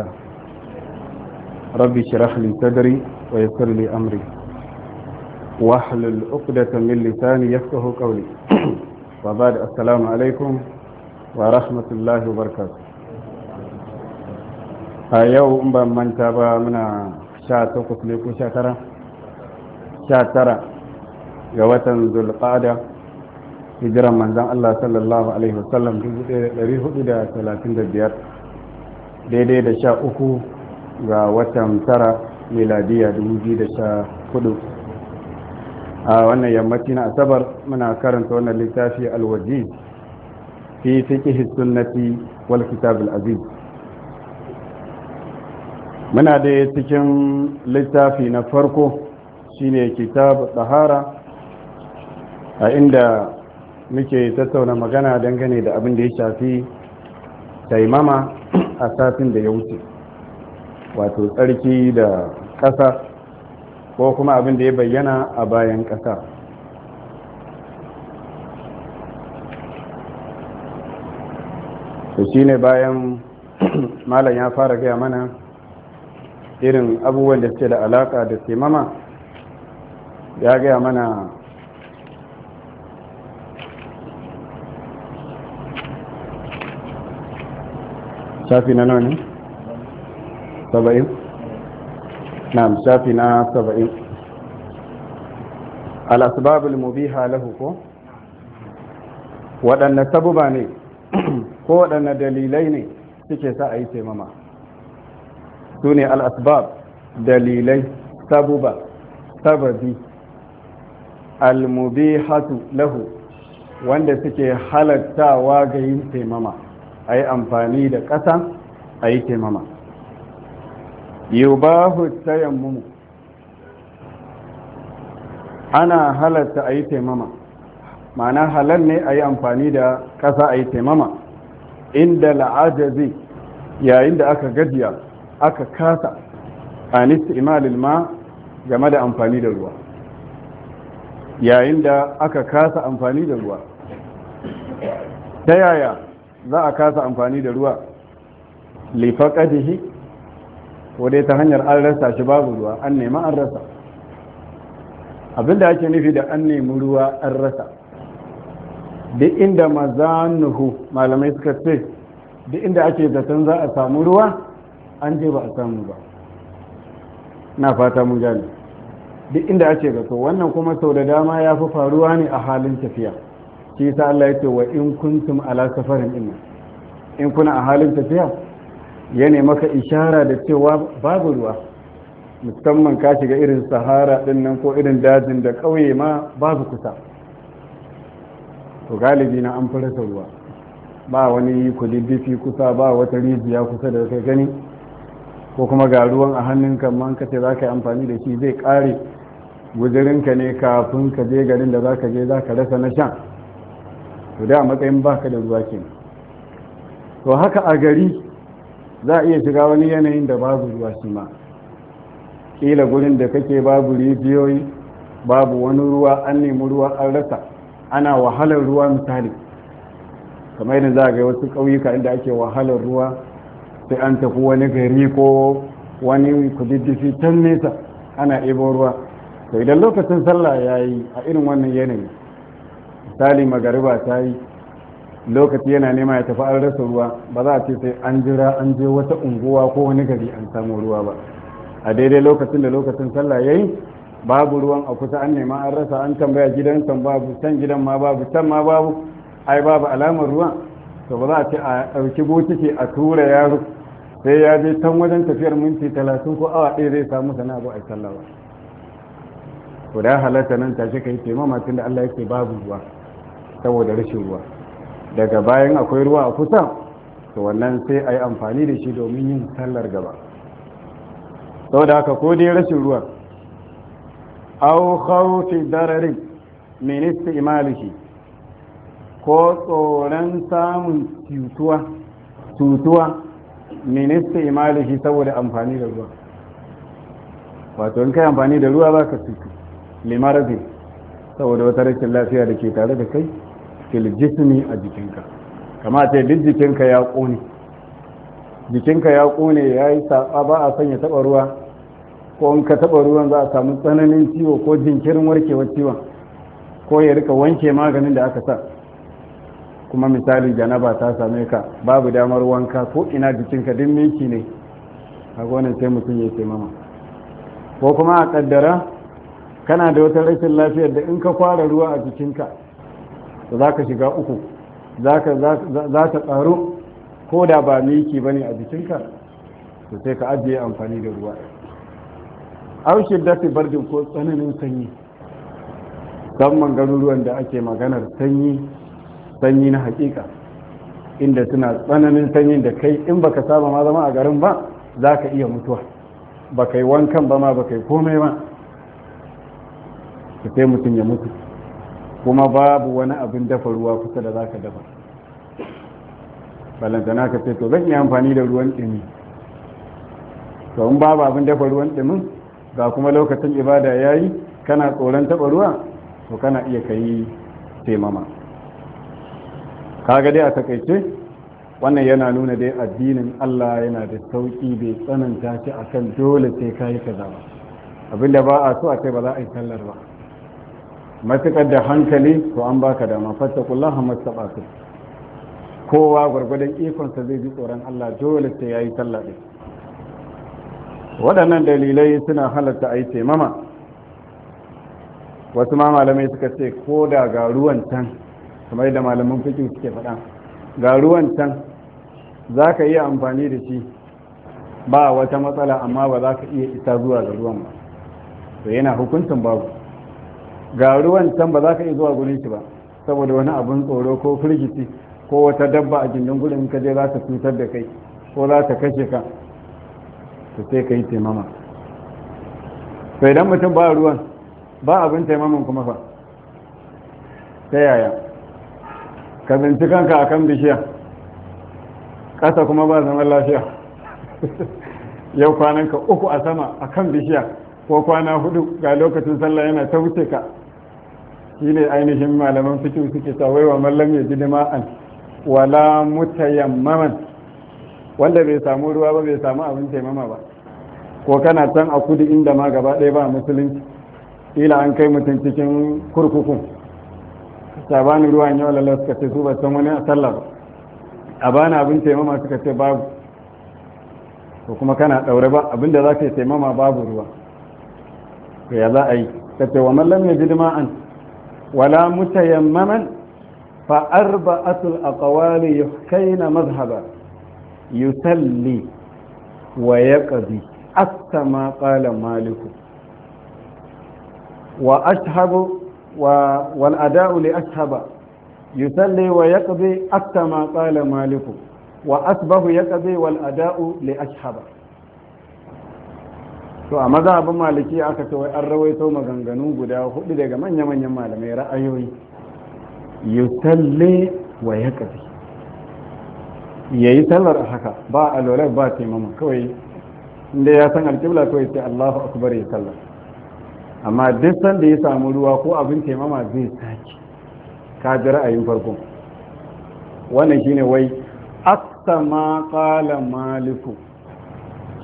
الله ربي شرح لي صدري ويسر لي أمري واحلل عقدة من لساني يفقه قولي وبعد السلام عليكم ورحمة الله وبركاته a yau in ban manta ba muna sha takwas ne ko sha tara ga watan zulqada hijiran manzan Allah sallallahu alaihi wasallam daidai da sha uku ga watan tara miladiya hudu. a wannan yammaci na asabar muna karanta wannan littafi alwaji fi fiqhi sunnati wal kitab aziz muna da cikin littafi na farko shine kitab tsahara, a inda muke tattauna magana dangane da abin da ya shafi taimama a satin da ya wuce wato tsarki da ƙasa ko kuma abin da ya bayyana a bayan ƙasa to shine bayan malam ya fara gaya mana irin abubuwan da suke da alaƙa da taimama ya gaya mana shafi na nani? saba'in? na shafi na saba'in al'asu al'asibabul mubiha halahu ko? waɗanne sabuba ne ko waɗanne dalilai ne suke sa a yi taimama su ne al'asibab dalilai sabuba sababi al-mubihatu mubi lahu wanda suke halattawa ga yin taimama a yi amfani da ƙasa a yi taimama yubahu tayammumu ana halatta a yi taimama ma'ana halal ne a yi amfani da ƙasa a yi taimama inda la'ajazi yayin da aka gajiya aka kasa a imalil ma game da amfani da ruwa yayin da aka kasa amfani da ruwa ta yaya za a kasa amfani da ruwa lifaqadihi ko dai ta hanyar an rasa shi babu ruwa an nema an rasa abinda ake nufi da an nemi ruwa an rasa duk inda mazanuhu malamai suka ce duk inda ake zaton za a samu ruwa an je ba a samu ba na fata mun gane duk inda ake zato wannan kuma sau da dama ya fi faruwa ne a halin tafiya shi ta Allah ya ce wa in kuntum ala safarin ina in kuna a halin tafiya ya ne maka ishara da cewa babu ruwa musamman ka shiga irin sahara din nan ko irin dajin da kauye ma babu kusa to galibi na an fara ruwa ba wani kududdufi kusa ba wata rijiya kusa da kai gani ko kuma ga ruwan a hannunka man ka ce za ka yi amfani da shi zai ƙare guzirinka ne kafin ka je garin da za ka je za ka rasa na sha. to da matsayin baka da ruwa ke to haka a gari za a iya shiga wani yanayin da babu ruwa shi ma ƙila gurin da kake babu rijiyoyi babu wani ruwa an nemi ruwa an rasa ana wahalar ruwa misali kamar yadda za a ga wasu ƙauyuka inda ake wahalar ruwa sai an tafi wani gari ko wani kududdufi can nesa ana ibo ruwa to idan lokacin sallah ya yi a irin wannan yanayi misali magariba ta yi lokaci yana nema ya tafi an rasa ruwa ba za a ce sai an jira an je wata unguwa ko wani gari an samu ruwa ba a daidai lokacin da lokacin sallah ya yi babu ruwan a kusa an nema an rasa an tambaya gidan san babu can gidan ma babu can ma babu ai babu alamar ruwa to ba za a ce a ɗauki bokiti a tura yaro sai ya je tan wajen tafiyar minti talatin ko awa ɗaya zai samu sana'a ko a sallah ba to da halatta nan tashi kai taimama tun da Allah yake babu ruwa saboda rashin ruwa daga bayan akwai ruwa a kusa to wannan sai a yi amfani da shi domin yin sallar gaba saboda haka ko dai rashin ruwa au khawfi darari min istimalihi ko tsoron samun cutuwa tutuwa min istimalihi saboda amfani da ruwa wato in kai amfani da ruwa baka tutu limarazin saboda wata rashin lafiya da ke tare da kai fil jismi a jikinka kama ce duk jikinka ya ƙone jikinka ya ƙone ya yi saɓa ba a son ya taɓa ruwa ko in ka taɓa ruwan za a samu tsananin ciwo ko jinkirin warkewar ciwon ko ya rika wanke maganin da aka sa kuma misali janaba ta same ka babu damar wanka ko ina jikinka duk minki ne a gonin sai mutum ya ce mama ko kuma a kaddara kana da wata rashin lafiyar da in ka kwara ruwa a jikinka da za ka shiga uku za ta tsaro ko da ba miki ba ne a jikinka to sai ka ajiye amfani da ruwa an shidda dafi bardin ko tsananin sanyi musamman ruwan da ake maganar sanyi sanyi na hakika inda suna tsananin sanyi da kai in baka saba ma zama a garin ba za ka iya mutuwa ba kai wankan ba ma ba kai komai ma sai mutum ya mutu kuma babu wani abin dafa ruwa kusa da za ka dafa balantana ka ce to zan iya amfani da ruwan ɗimi to in babu abin dafa ruwan ɗimin ga kuma lokacin ibada ya yi kana tsoron taɓa ruwa to kana iya ka yi taimama kaga dai a takaice wannan yana nuna dai addinin allah yana da sauƙi bai tsananta shi kan dole sai ka yi kaza ba abinda ba a so a ce ba za a yi tallar ba matuƙar da hankali to an baka dama fattakullaha su kowa gwargwadon ikonsa zai ji tsoron Allah dole sai ya yi sallah waɗannan dalilai suna halatta a yi taimama wasu ma malamai suka ce ko da ga ruwan can kamar da malaman fikin suke faɗa garuwan ruwan can za ka iya amfani da shi ba wata matsala amma ba za ka iya isa zuwa ga ruwan ba to yana hukuncin babu ga ruwan can ba za ka iya zuwa gurin shi ba saboda wani abin tsoro ko firgici ko wata dabba a gindin gurin ka je za ta cutar da kai ko za ta kashe ka to sai ka yi taimama Sai idan mutum ba ruwan ba abin taimaman kuma fa ta yaya ka zinci kanka a kan bishiya ƙasa kuma ba zaman lafiya yau kwananka uku a sama a kan bishiya ko kwana hudu ga lokacin sallah yana ta wuce ka ne ainihin malaman fikihu suke tawai wa mallam ya ji dima'an wala mutayammaman wanda bai samu ruwa ba bai samu abin taimama ba ko kana can a kudu inda ma gaba ɗaya ba musulunci ila an kai mutum cikin kurkukun sabanin ruwan yau lalata suka ce su ba san wani a sallah ba a bana abin taimama suka ce babu ko kuma kana ɗaure ba da za ka yi taimama babu ruwa to ya za a yi ka ce wa mallam ya ji dima'an wala mutayammaman fa arba'atul aqwali yuhkayna madhhaba yusalli wa yaqdi hatta ma qala malik wa ashhabu wa wal ada'u li ashhaba yusalli wa yaqdi hatta ma wa asbahu yaqdi li ashhaba to a mazhabin maliki aka ce wai an rawaito maganganu guda hudu daga manya-manyan malamai ra'ayoyi yusalli wa yaqdi yayi sallar haka ba alwala ba taimama kawai inda ya san alƙibla kawai sai Allahu akbar ya sallar amma duk sanda ya samu ruwa ko abin taimama zai sake ka ji ra'ayin farko wannan shine wai asama qala maliku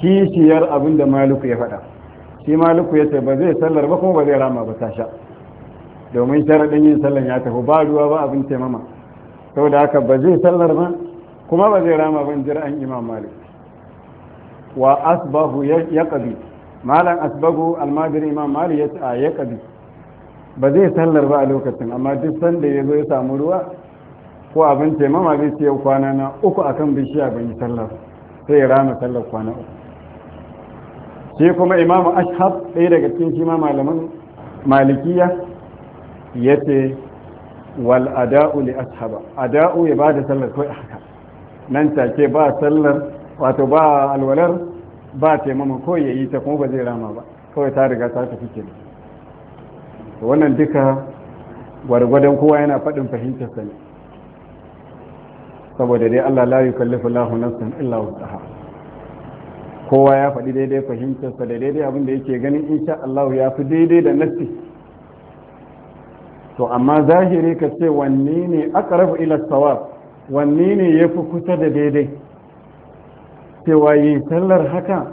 kishiyar abin da maliku ya faɗa shi maliku ya ce ba zai sallar ba kuma ba zai rama ba tasha domin sharaɗin yin sallar ya tafi ba ruwa ba abin taimama saboda haka ba zai sallar ba kuma ba zai rama ban jira an imam malik wa asbahu ya ƙabi malam asbahu almadir imam malik ya ce a ya ƙabi ba zai sallar ba a lokacin amma duk sanda ya zo ya samu ruwa ko abin taimama zai ce kwana na uku akan bishiya ban yi sallar sai ya rama sallar kwana uku sai kuma imamu ashab ɗaya daga cikin shi ma malaman malikiya ya ce wal ada'u li ashaba ada'u ya ba da sallar kai haka nan take ba sallar wato ba alwalar ba taimama ko ya yi ta kuma ba zai rama ba kawai ta riga ta tafi ke wannan duka gwargwadon kowa yana faɗin fahimtar sani saboda dai Allah la yukallifu Allahu nafsan illa wusaha kowa ya faɗi daidai fahimtarsa da daidai abin da yake ganin insha Allah ya fi daidai da nassi to amma zahiri ka ce wanne ne aqrabu ila sawab wanne ne yafi kusa da daidai cewa yin sallar haka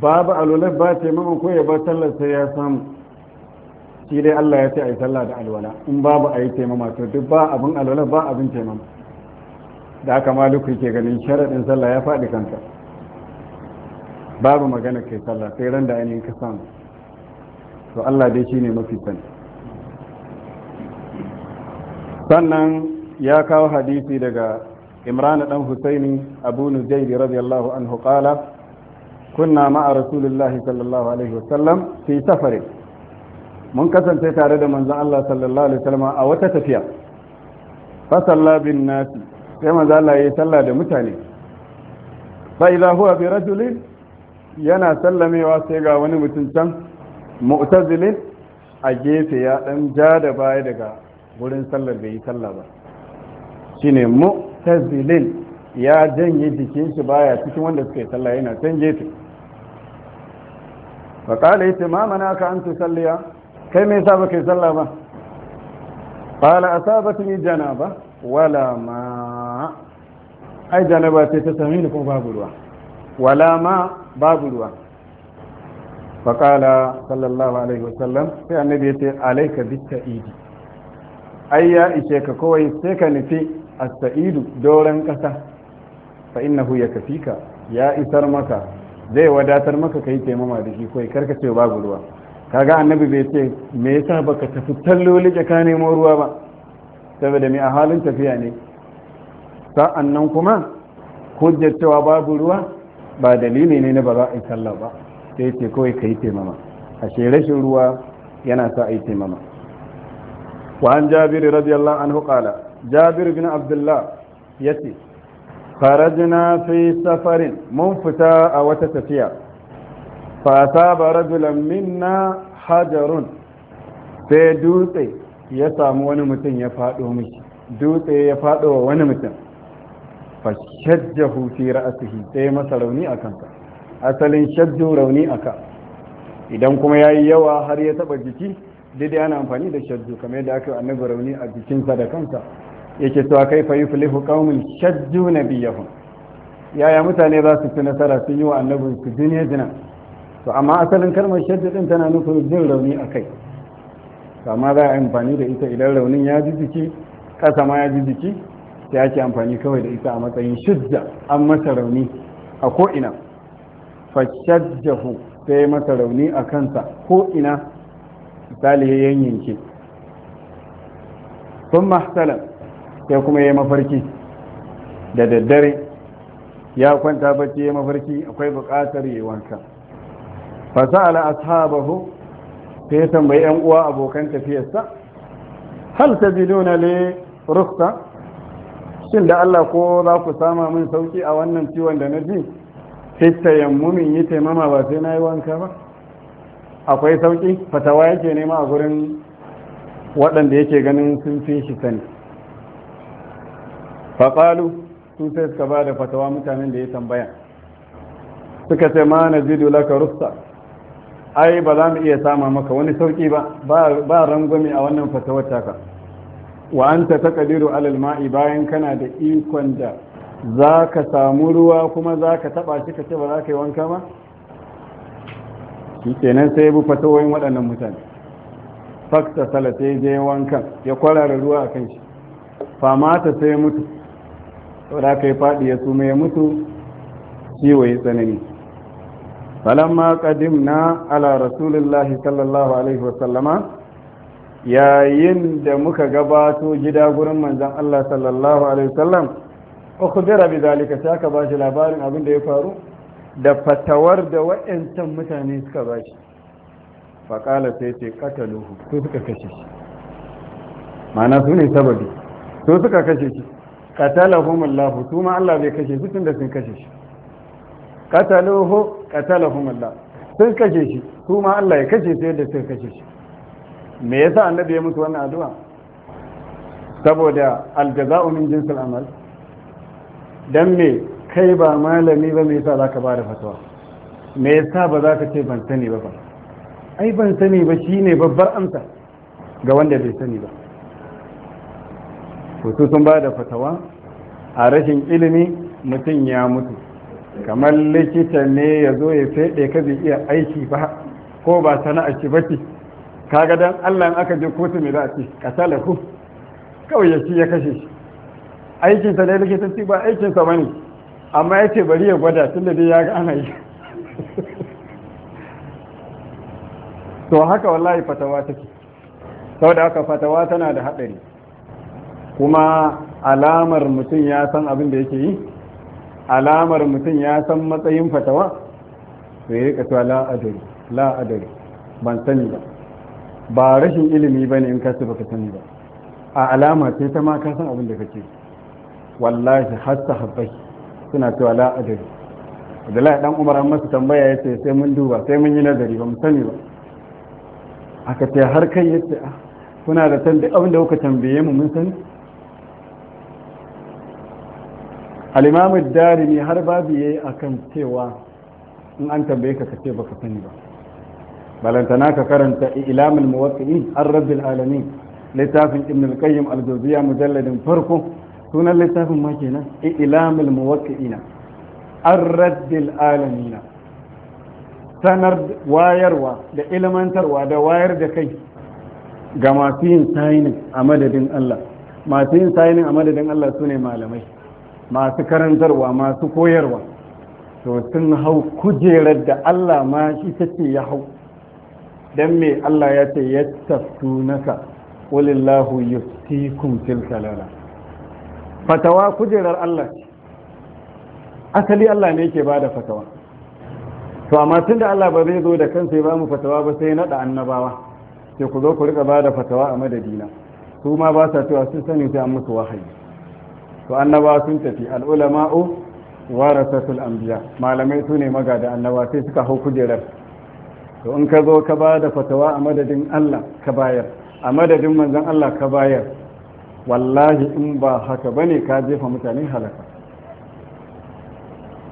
babu alwala ba ce mamman ko ya ba sallar sai ya samu shi dai Allah ya ce ai sallah da alwala in babu ayi taimama to duk ba abin alwala ba abin taimama da haka maluku ke ganin sharadin sallah ya faɗi kanka babu magana kai sallah sai ran da ainihin ka samu to Allah dai shine mafi sani sannan ya kawo hadisi daga imran dan husaini abu nujayd radiyallahu anhu qala kunna ma'a rasulillahi sallallahu alaihi wasallam fi safari mun kasance tare da manzon Allah sallallahu alaihi wasallam a wata tafiya fa bin nas sai manzon Allah yi sallah da mutane fa idha huwa bi rajulin yana sallamewa sai ga wani mutum can mu'tazilin a gefe ya dan ja da baya daga wurin sallar bai yi sallah ba shine mu'tazilin ya janye jikin shi baya cikin wanda suka yi sallah yana can gefe fa qala yace ma ka an tusalliya kai me yasa baka yi sallah ba qala asabatni janaba wala ma ai janaba sai ta sami ni ko babu ruwa wala ma babu ruwa faƙala sallallahu alaihi wasallam sai annabi ya ce alaika bitta idi ai ya ishe ka kawai sai ka nufi as-sa'idu doron ƙasa fa innahu yakfika ya isar maka zai wadatar maka kai taimama da shi kawai karka ce babu ruwa kaga annabi bai ce me yasa baka tafi talloli ka nemo ruwa ba saboda mai a halin tafiya ne sa'an nan kuma hujjar cewa babu ruwa ba dalili ne na ba za a yi sallah ba sai ce kawai ka yi taimama ashe rashin ruwa yana sa a yi taimama wa an jabiri radiyallahu anhu qala jabir bin abdullah yace farajina fi safarin mun fita a wata tafiya fa asaba rajulan minna hajarun sai dutse ya samu wani mutum ya faɗo mishi dutse ya faɗo wa wani mutum fa shajjahu fi ra'sihi sai masa rauni a kansa asalin shajju rauni aka idan kuma yayi yawa har ya taba jiki daidai ana amfani da shajju kamar yadda aka annabi rauni a jikinsa da kansa yake cewa kai fa yuflihu qaumin shajju nabiyahum yaya mutane za su ci nasara sun yi wa annabin su jini jina to amma asalin kalmar shadda din tana nufin jin rauni a kai kama za a amfani da ita idan raunin ya ji jiki ƙasa ma ya ji jiki sai ake amfani kawai da ita a matsayin shidda an masa rauni a ko'ina fashajjahu sai masa rauni a kansa ko'ina misali ya yanyanke sun mahsalan sai kuma ya mafarki da daddare ya kwanta bacci ya mafarki akwai buƙatar yi wanka ala ashabahu sai ya tambayi yan uwa abokan tafiyarsa hal tajiduna ne rukhsa shin da Allah ko za ku sama min sauki a wannan ciwon da na ji fitta yammumin yi taimama ba sai na yi wanka ba akwai sauki fatawa yake nema a gurin waɗanda yake ganin sun fi shi sani faƙalu sun sai suka ba da fatawa mutanen da ya tambaya suka ce ma na zidu laka rusta ai ba za mu iya sama maka wani sauki ba ba rangwami a wannan fatawar taka wa anta taqdiru alal ma'i bayan kana da ikon da za ka samu ruwa kuma za ka taba shi ka ce ba za ka yi wanka ba shi kenan sai bu fatawoyin waɗannan mutane fakta salate je wankan ya kwarara ruwa a kan shi ta sai mutu da ka yi faɗi ya sume ya mutu ciwo ya tsanani falamma qadim na ala rasulillahi sallallahu alaihi wasallama yayin da muka gabato gida gurin manzon Allah sallallahu alaihi wasallam ukhbira bi zalika sai aka bashi labarin abin da ya faru da fatawar da waɗancan mutane suka bashi faƙala sai ce kataluhu su suka kashe shi mana su ne sababi su suka kashe shi katalahum Allah su ma Allah bai kashe su tunda sun kashe shi kataluhu katalahum Allah sun kashe shi su ma Allah ya kashe su yadda suka kashe shi me yasa annabi ya musu wannan addu'a saboda aljaza'u min jinsil amal dan me kai ba malami ba me yasa zaka ba da fatawa me yasa ba za ka ce ban sani ba ba ai ban sani ba shine babbar amsa ga wanda bai sani ba su sun ba da fatawa a rashin ilimi mutum ya mutu kamar likita ne ya zo ya fede ka bai iya aiki ba ko ba sana'a shi ba ce kaga dan Allah in aka je kotu me za a ce qatalahu kawai ya ci ya kashe shi aikinsa ne likitanci ba aikinsa ba ne amma ya ce bari ya gwada tun da dai ya ga ana yi to haka wallahi fatawa take saboda haka fatawa tana da haɗari kuma alamar mutum ya san abin da yake yi alamar mutum ya san matsayin fatawa to ya yi la adari la ban sani ba ba rashin ilimi ba ne in ka ce baka sani ba a alama ce ta ma ka san abin da kake wallahi har ta habbai suna cewa la adari la dan Umar an masa tambaya yace sai mun duba sai mun yi nazari ba mu sani ba aka ce har kai yace a ah, kuna da san da abin da kuka tambaye mu mun sani al-Imam ad-Darimi har babu yayi akan cewa in an tambaye ka kace baka sani ba balantana ka karanta ilamul muwaqqi'in an rabbil alamin littafin ibn al-qayyim al-jawziyya mujalladin farko sunan littafin ma kenan ilamul muwaqqi'ina an rabbil alamin sanar wayarwa da ilmantarwa da wayar da kai ga masu yin sainin a madadin Allah masu yin sainin a madadin Allah su ne malamai masu karantarwa masu koyarwa to sun hau kujerar da Allah ma shi ta ce ya hau dan me Allah ya ce yastaftunaka ya yuftikum fil salala fatawa kujerar Allah asali Allah ne yake bada fatawa to amma tunda Allah ba zai zo da kansa ya ba mu fatawa ba sai nada annabawa sai ku zo ku rika bada fatawa a madadina su ma ba sa cewa sun sani sai an musu wahayi to annabawa sun tafi al warasatul anbiya malamai su ne magada annabawa sai suka hau kujerar to in ka zo ka ba da fatawa a madadin Allah ka bayar a madadin manzon Allah ka bayar wallahi in ba haka bane ka jefa mutane halaka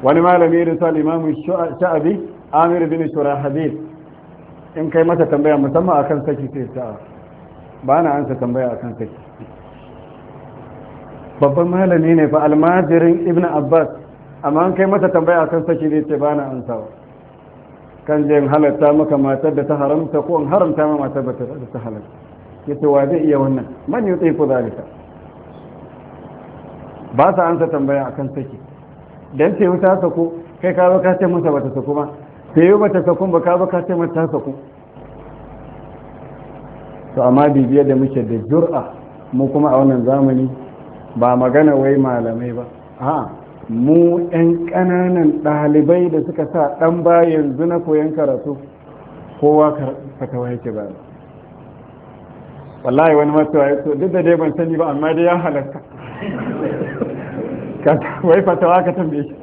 wani malami da sa imamu sha'abi amir bin shura hadith in kai mata tambaya musamman akan saki sai ta ba na ansa tambaya akan saki babban malami ne fa almajirin ibn abbas amma in kai mata tambaya akan saki sai ce ba na ansawa kan je in halatta maka matar da ta haramta ko in haramta ma matar da ta halatta yace wa zai iya wannan man yutifu zalika ba sa ansa tambaya akan saki dan sai ta sako kai ka zo ka ce masa bata sako ba sai yi bata sakon ba ka zo ka ce mata sako to amma bibiyar da muke da jur'a mu kuma a wannan zamani ba magana wai malamai ba a'a mu 'yan ƙananan ɗalibai da suka sa ɗan ba yanzu na koyon karatu kowa fatawa yake ba wallahi wani matawa ya so duk da dai ban sani ba amma dai ya halatta wai fatawa ka tambaye shi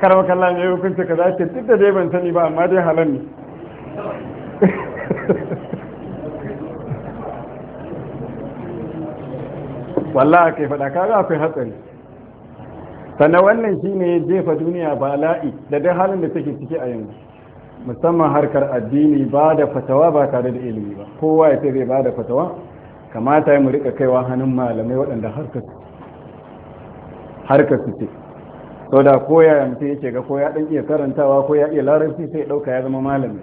karwa kalla ne hukunci ka zace duk da dai ban sani ba amma dai halar ne wallahi kai faɗa kaga akwai hatsari sannan wannan shine ya jefa duniya ba la'i, da dai halin da take ciki a yanzu musamman harkar addini ba da fatawa ba tare da ilimi ba kowa ya ce zai ba da fatawa kamata mu rika kaiwa hannun malamai waɗanda harkar su ce so da koya mutu yake ga ko ya iya karantawa ko ya iya larabci sai ɗauka, ya zama malami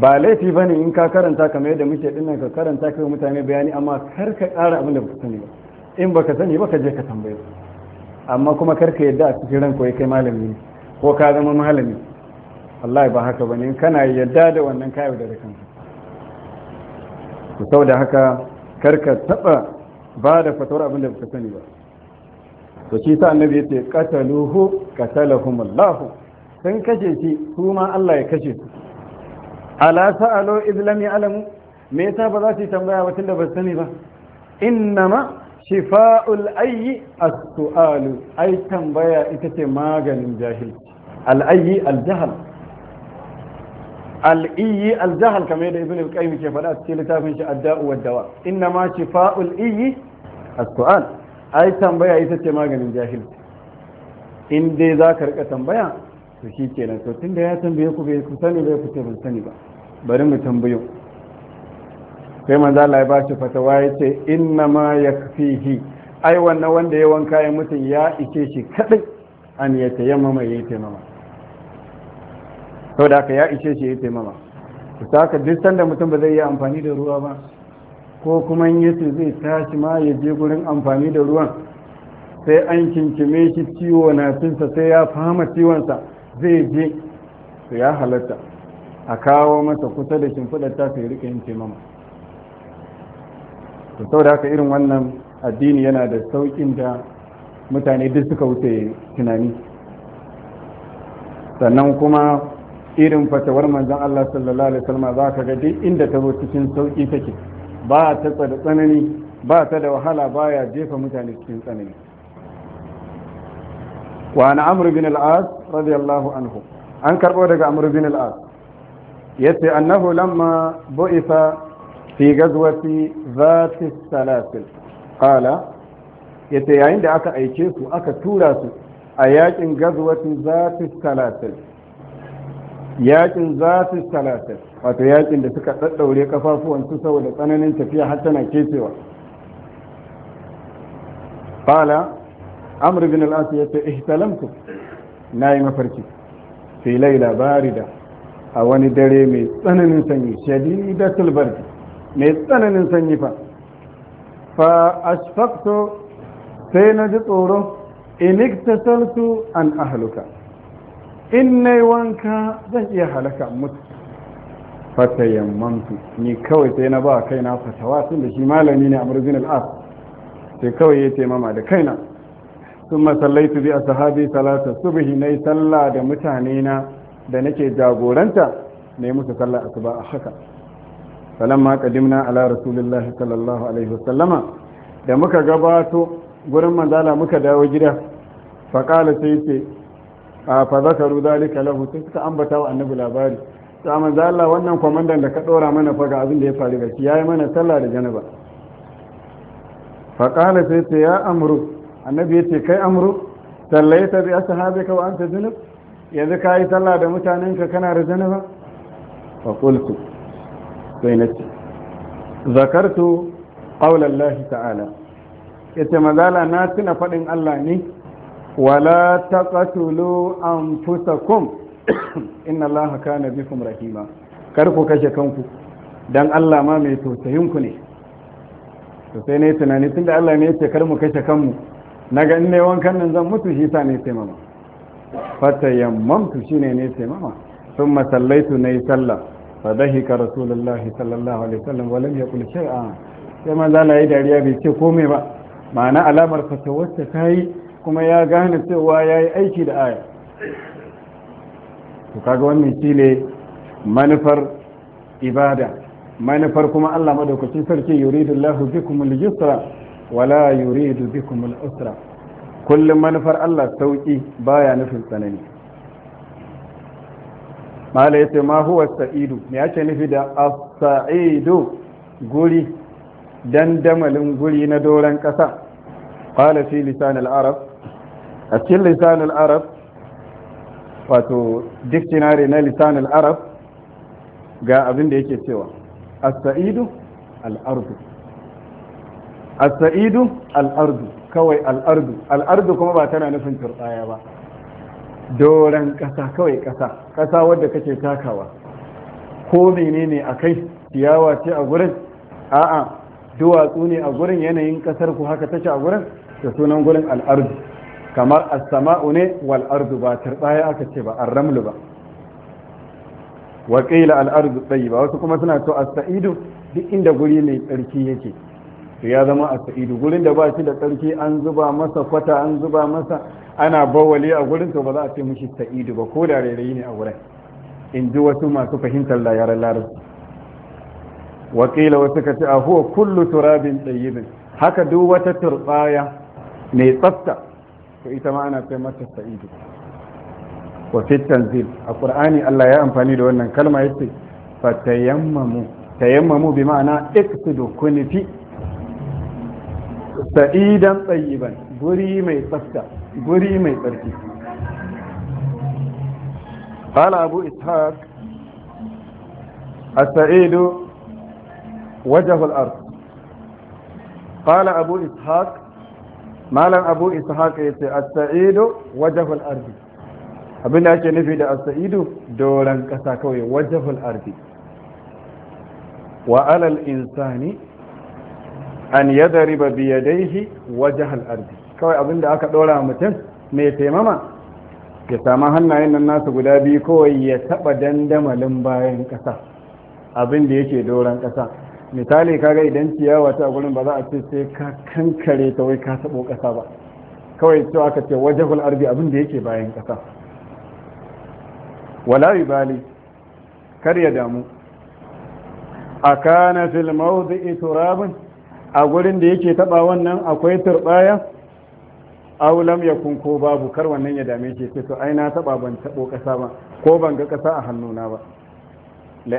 ba laifi ba ne in ka karanta kamar yadda muke dinnan ka karanta kai mutane bayani amma kar ka ƙara abin da baka sani ba in ba ka sani ba ka je ka tambaye amma kuma karka yadda a cikin ya kai malami ne ko ka zama malami ya ba haka bane kana yadda da wannan kayo da kanka sau da haka karka taba ba da fatawar abin da baka sani ba to shi sa annabi yace qataluhu Allah sun kashe shi su Allah ya kashe su ala sa'alu idh lam ya'lamu me yasa ba za su tambaya ba tunda ba sani ba innama shifa'ul ayyi as-su'alu ai tambaya ita ce maganin jahil al-ayyi al-jahl al-ayyi al-jahl kamar da ibnu qayyim ke faɗa cikin littafin shi ad-da'u wad-dawa inna ma shifa'ul ayyi as-su'al ai tambaya ita ce maganin jahil in dai za ka rika tambaya to shi kenan to tunda ya tambaye ku bai ku sani bai ku ce ban sani ba bari mu tambayo sai manzo Allah ya bashi fatawa yace inna ma yakfihi ai wannan wanda ya wanka ya mutum ya ishe shi kadai an ya tayammama ya tayammama saboda haka ya ishe shi ya mama to haka duk sanda mutum ba zai yi amfani da ruwa ba ko kuma yace zai tashi ma ya je gurin amfani da ruwan sai an kinkime shi ciwo na sa sai ya fama ciwonsa zai je ya halatta a kawo masa kusa da shimfiɗar ta sai rika yin taimama to saboda haka irin wannan addini yana da saukin da mutane duk suka wuce tunani sannan kuma irin fatawar manzon Allah sallallahu alaihi wasallam za ka ga duk inda ta zo cikin sauki take ba ta da tsanani ba ta da wahala baya jefa mutane cikin tsanani wa an amr bin al-as radiyallahu anhu an karbo daga amr bin al-as yace annahu lamma bu'itha fi gazwati zati salasil qala yace yayin da aka aike su aka tura su a yakin gazwati zati salasil yakin zati salasil wato yaƙin da suka daddaure kafafuwan saboda tsananin tafiya har tana kecewa qala amr bin al-as yace ihtalamtu nayi mafarki fi laila da a wani dare mai tsananin sanyi shadidatul bardi mai tsananin sanyi fa fa asfaqtu sai na ji tsoro in iktasaltu an ahluka in nayi wanka zan iya halaka mutu fatayammamtu ni kawai sai na ba kaina fatawa tun da shi malami ne a murzin al'as sai kawai ya taimama da kaina sun masallaitu bi a sahabi salata subhi na yi sallah da mutane na da nake jagoranta na yi musu sallar asuba a haka falamma kadimna ala rasulillahi sallallahu alaihi wasallama da muka gabato gurin manzala muka dawo gida fa qala sai ce a fa zakaru dalika lahu sai suka ambata wa annabi labari to manzala wannan kwamandan da ka dora mana fa ga abin da ya faru da shi yayi mana sallah da janaba fa qala sai ce ya amru annabi yace kai amru sallaita bi ashabika wa anta junub yanzu kai sallah da mutanenka kana da janaba fa qultu sai na ce zakartu ƙaunar ta'ala ita mazala na tuna faɗin Allah ne wala ta ƙatulu an fusa kum inna Allah haka na bikum rahima kar ku kashe kanku don Allah ma mai tausayinku ne to sai na yi tunani tun da Allah ne ya ce kar mu kashe kanmu na ga in ne wankan nan zan mutu shi sa ne sai mama fata yammamtu shi ne ne sai mama sun masallaitu na yi sallah فضحك رسول الله صلى الله عليه وسلم ولم يقل شيئا كما زال يداريا بيتي كومي با معنى علامة فتوسط تاي كما يا غانا سوى يا ايكي دا آية وكاغا wannan shine manufar ibada manufar kuma Allah madaukakin sarki yuridu Allahu bikum al-yusra wala yuridu bikum al-usra kullum manufar Allah sauki baya nufin tsanani mala yace ma huwa sa'idu me yake nufi da as-sa'idu guri dandamalin guri na doran kasa qala fi lisan al-arab a cikin lisan al-arab wato dictionary na lisan al-arab ga abin da yake cewa as-sa'idu al-ardu as-sa'idu al-ardu kawai al-ardu al-ardu kuma ba tana nufin turdaya ba doran kasa kawai ƙasa ƙasa wadda kake takawa ko menene a kai ciyawa ce a gurin a'a duwatsu ne a gurin yanayin ƙasar ku haka tace a gurin da sunan gurin al'ardu kamar as-sama'u ne wal ardu ba tarbaya aka ce ba ar-ramlu ba wa qila al-ardu tayyiba wasu kuma suna to as-sa'idu duk inda guri mai tsarki yake to ya zama as-sa'idu gurin da ba shi da tsarki an zuba masa kwata an zuba masa ana bawali a gurin to ba za a ce mishi ta'idu ba ko da rairayi ne a wurin in ji wasu masu fahimtar layaran larabci wakila wasu ka ce a huwa kullu turabin ɗayyibin haka duk wata turbaya mai tsafta ko ita ma ana kai mata sa'idu wa fi a qur'ani Allah ya amfani da wannan kalma yace fa tayammamu tayammamu bi ma'ana iqsidu kunfi sa'idan tsayiban guri mai tsafta guri mai tsarki ƙala abu ishaq as-sa'id wajahul al ƙala qala abu ishaq malam abu ishaq yace as-sa'id wajh al-ard abin da ake nufi da as-sa'idu doran kasa kawai wajahul al-ard wa alal insani an yadriba bi yadayhi wajh al-ard kawai abin da aka ɗora mutum mai taimama ya sami hannayen nan nasu guda biyu kawai ya taɓa dandamalin bayan ƙasa abin da yake doron ƙasa misali kaga idan ciyawa ta gurin ba za a ce sai ka kankare ta wai ka taɓo ƙasa ba kawai to aka ce wajahul arbi abin da yake bayan ƙasa wala bali kar ya damu a kana fil mawdi'i turabun a gurin da yake taɓa wannan akwai turbaya aw lam yakun ko babu kar wannan ya dame shi sai to ai na taba ban tabo kasa ba ko ban ga kasa a hannuna ba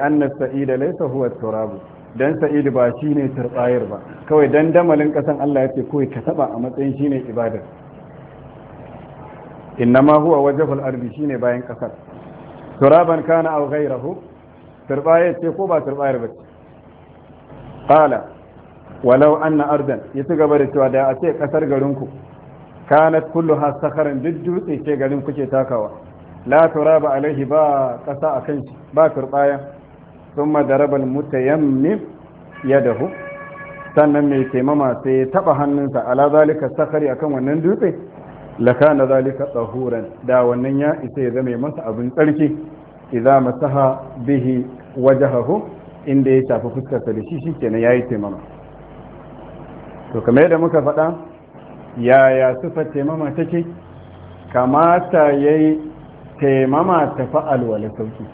anna sa'ida laysa huwa turabu dan sa'idu ba shine turbayar ba kawai dan damalin kasan Allah yace kawai ka taba a matsayin shine ibada innama huwa wajhul ardi shine bayan kasar turaban kana aw ghayruhu turbayar ce ko ba turbayar ba qala walau anna ardan yace gaba da cewa da a ce kasar garinku kanat har sakaran duk dutse ke garin kuke takawa la turaba alaihi ba kasa akan shi ba turbaya thumma darabal mutayammim yadahu sannan mai taimama sai ya taba hannunsa ala zalika sakari akan wannan dutse la kana zalika tahuran da wannan ya isa ya zama masa abin tsarki idza masaha bihi wajhahu inda ya tafi sa da shi shikenan yayi taimama to kamar yadda muka faɗa yaya sufa taimama take kamata ya yi taimama ta fi alwala sauki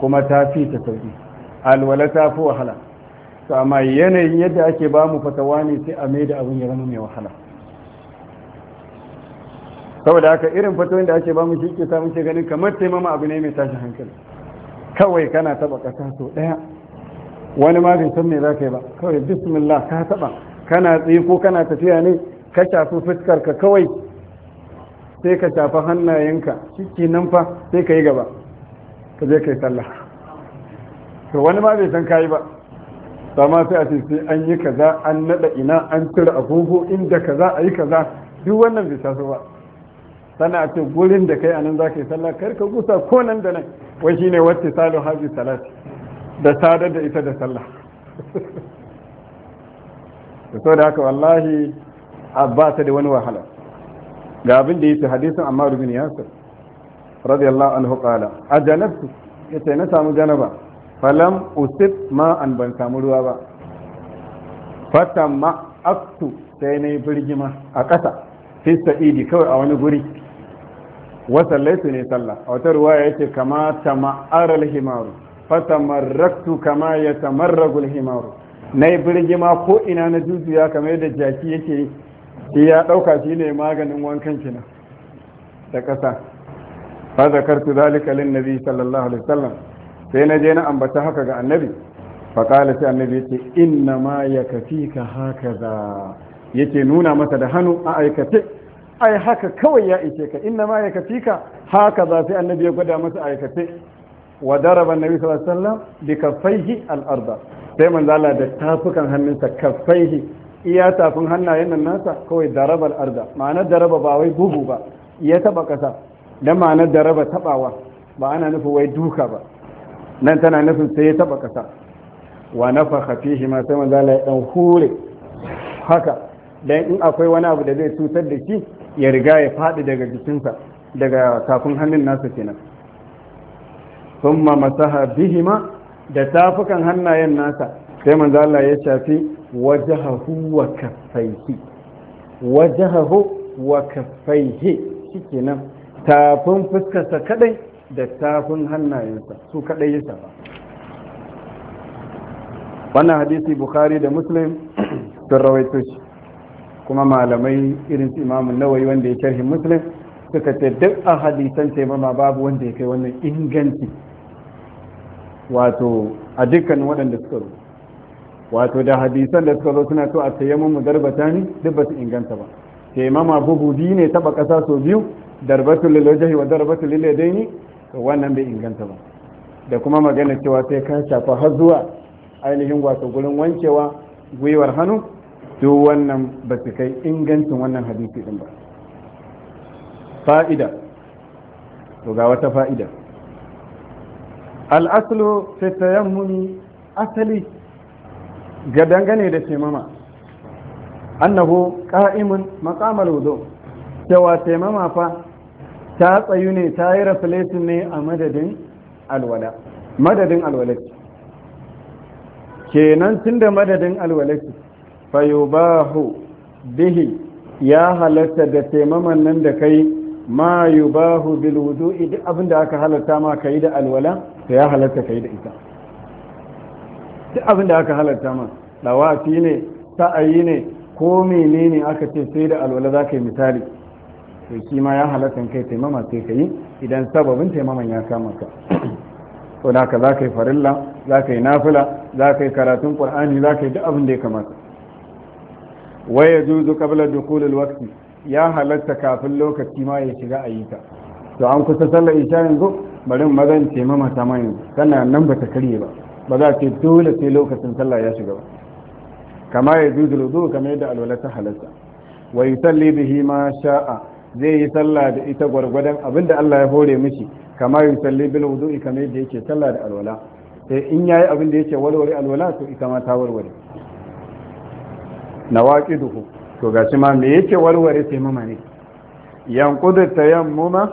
kuma ta fi ta sauki alwala ta fi wahala su amma yanayin yadda ake ba mu fatawa ne sai a mai da abin ya zama mai wahala saboda haka irin fatawa da ake ba mu shi ke samun ke ganin kamar taimama abu ne mai tashi hankali kawai kana taba kasa sau daya wani ma zai san me za ka yi ba kawai bismillah ka taba kana tsaye ko kana tafiya ne ka shafi fuskarka kawai sai ka shafi hannayenka shi nan fa sai ka yi gaba ka je ka yi sallah to wani ma bai san kayi ba sama sai a ce sai an yi kaza an nada ina an tura agogo inda kaza a yi kaza duk wannan bai taso ba sana a ce gurin da kai anan za ka yi sallah kar ka gusa ko nan da nan wai shine wacce salo haji salati da sadar da ita da sallah da so da haka wallahi ba ta da wani wahala ga abin da yake hadisin amma rubin yasir radiyallahu anhu qala ajanabtu yace na samu janaba falam usib ma an ban samu ruwa ba fatamma aktu sai na yi birgima a ƙasa fi Idi, kawai a wani guri wasallaitu ne sallah a wata ruwa yace ce kama tama'arar himaru fatamarraktu kama ya himaru na yi birgima ko ina na jujuya kamar yadda jaki yake shi ya ɗauka shi ne maganin wankan kina da ƙasa fa zakartu zalika lin nabi sallallahu alaihi wasallam sai na je na ambata haka ga annabi fa qala sai annabi yace inna ma yakfika hakaza yake nuna masa da hannu a aikace ai haka kawai ya ice ka inna ma yakfika hakaza sai annabi ya gwada masa aikace wa daraba annabi sallallahu alaihi wasallam bi kaffaihi al-arda sai manzo Allah da tafukan hannunsa kaffaihi iya tafin hannayen nan nasa kawai darabar arza. ma'anar daraba ba wai bugu ba ya taba kasa da ma'anar daraba tabawa ba ana nufin wai duka ba nan tana nufin sai ya taba kasa wa nafakha fihi ma sai manzo ya dan hure haka dan in akwai wani abu da zai cutar da shi ya riga ya faɗi daga jikinsa daga tafin hannun nasa kenan thumma masaha bihima da tafukan hannayen nasa sai manzo Allah ya shafi wajahahu wa kaffaihi wajahahu wa kaffaihi shikenan tafin fuskarsa kadai da tafin hannayensa su kadai ya shafa wannan hadisi bukhari da muslim sun rawaito shi kuma malamai irin su imamu nawayi wanda ya sharhi muslim suka ce duk a hadisan taimama babu wanda ya kai wannan inganci wato a dukkan waɗanda suka rubuta wato da hadisan da suka zo suna so a tayammu mu darbata ni duk ba su inganta ba taimama bugu biyu ne taba kasa sau biyu darbatu lil wajhi wa darbatu lil yadaini wannan bai inganta ba da kuma magana cewa sai ka shafa har zuwa ainihin wato gurin wankewa gwiwar hannu duk wannan ba su kai ingancin wannan hadisi din ba fa'ida to ga wata fa'ida al'aslu fi tayammumi asali ga dangane da taimama annahu ka'imun maqamal wudu cewa taimama fa ta tsayu ne ta yi ne a madadin alwala madadin alwalaki kenan tunda madadin alwalaki fayubahu bihi ya halatta da taimaman nan da kai ma yubahu bil wudu'i duk abin da aka halatta ma kai da alwala ya halatta kai da ita duk abin da aka halarta ma dawafi ne sa'ayi ne ko menene aka ce sai da alwala za ka yi misali to shi ya halatta kai taimama sai ka yi idan sababin taimaman ya kama ka to da ka za ka yi farilla za ka yi nafila za ka yi karatun qur'ani za ka yi duk abin da ya kamata waya juzu qabla dukul alwaqt ya halarta kafin lokaci ma ya shiga ayyuka to an kusa sallar isha yanzu bari mazan taimama ta mai kana nan ba ta karye ba ba za ce dole sai lokacin sallah ya shiga ba kama ya juzul zu kama yadda alwala ta halatta wa yusalli bihi ma sha'a zai yi sallah da ita gwargwadon abinda Allah ya hore mishi kama yusalli bil wudu kamar yadda yake sallah da alwala sai in yayi abin da yake walwale alwala to ita ma ta warware nawaqiduhu to gashi ma me yake warware sai mama ne yanqudu tayammuma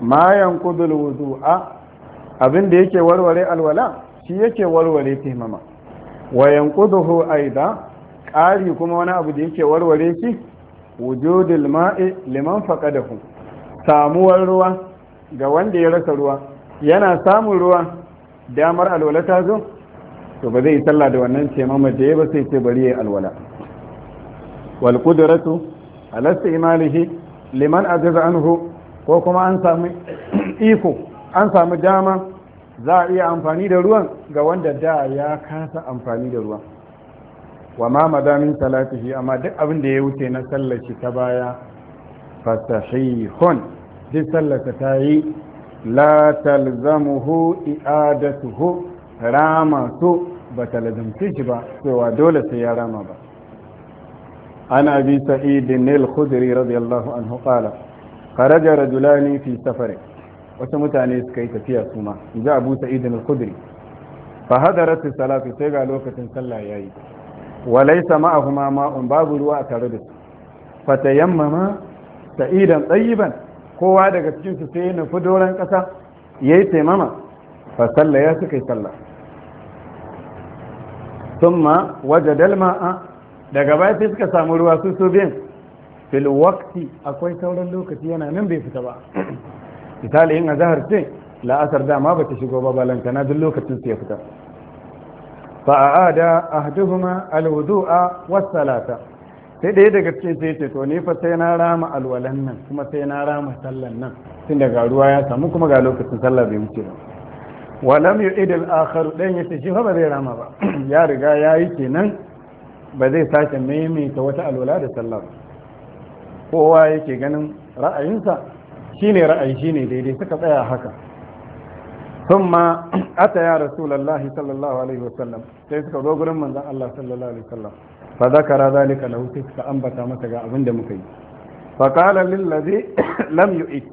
ma yanqudu alwudu'a abin da yake warware alwala shi yake warware taimama wa yanquduhu aida ƙari kuma wani abu da yake warware shi wujudul ma'i liman faqadahu samuwar ruwa ga wanda ya rasa ruwa yana samun ruwa damar alwala ta zo to ba zai salla da wannan taimama da ya ba sai ce bari ya alwala wal qudratu ala istimalihi liman ajaza anhu ko kuma an samu iko an samu dama za a iya amfani da ruwan ga wanda da ya kasa amfani da ruwan wa ma madamin salatihi amma duk abin da ya wuce na sallaci ta baya fasahihun duk sallata ta yi la talzamuhu i'adatuhu rama so ba ta shi ba cewa dole sai ya rama ba an abi sa'id nil khudri radiyallahu anhu qala kharaja rajulani fi safarin wasu mutane suka yi tafiya su ma za abu sa'id al-khudri fa hadarat salatu sai ga lokacin sallah yayi wa laysa ma'ahuma ma'un babu ruwa a tare da su Fa fatayammama sa'idan tayyiban kowa daga cikin su sai na fudoran kasa yayi taimama fa sallah ya suka yi sallah thumma wajada al-ma'a daga baya sai suka samu ruwa su su biyan. fil waqti akwai sauran lokaci yana nan bai fita ba misali in azhar ce la'asar dama ba ta shigo ba balantana duk lokacin su ya fita fa'ada ahduhuma alwudu'a was salata sai ɗaya daga cikin sai ce to ni fa sai na rama alwalan nan kuma sai na rama sallan nan tun daga ruwa ya samu kuma ga lokacin sallah bai wuce ba walam yu'id al-akhar dan yace shi fa ba zai rama ba ya riga yayi kenan ba zai sake maimaita wata alwala da sallah ba kowa yake ganin ra'ayinsa Shi ne ra'ayi shine daidai suka tsaya haka sun ma يا رسول الله sallallahu alaihi عليه وسلم sai suka zo gurin manzon Allah sallallahu alaihi wasallam fa zakara zalika lahu sai suka ambata masa ga abin da muka yi fa qala lil ladhi lam yu'id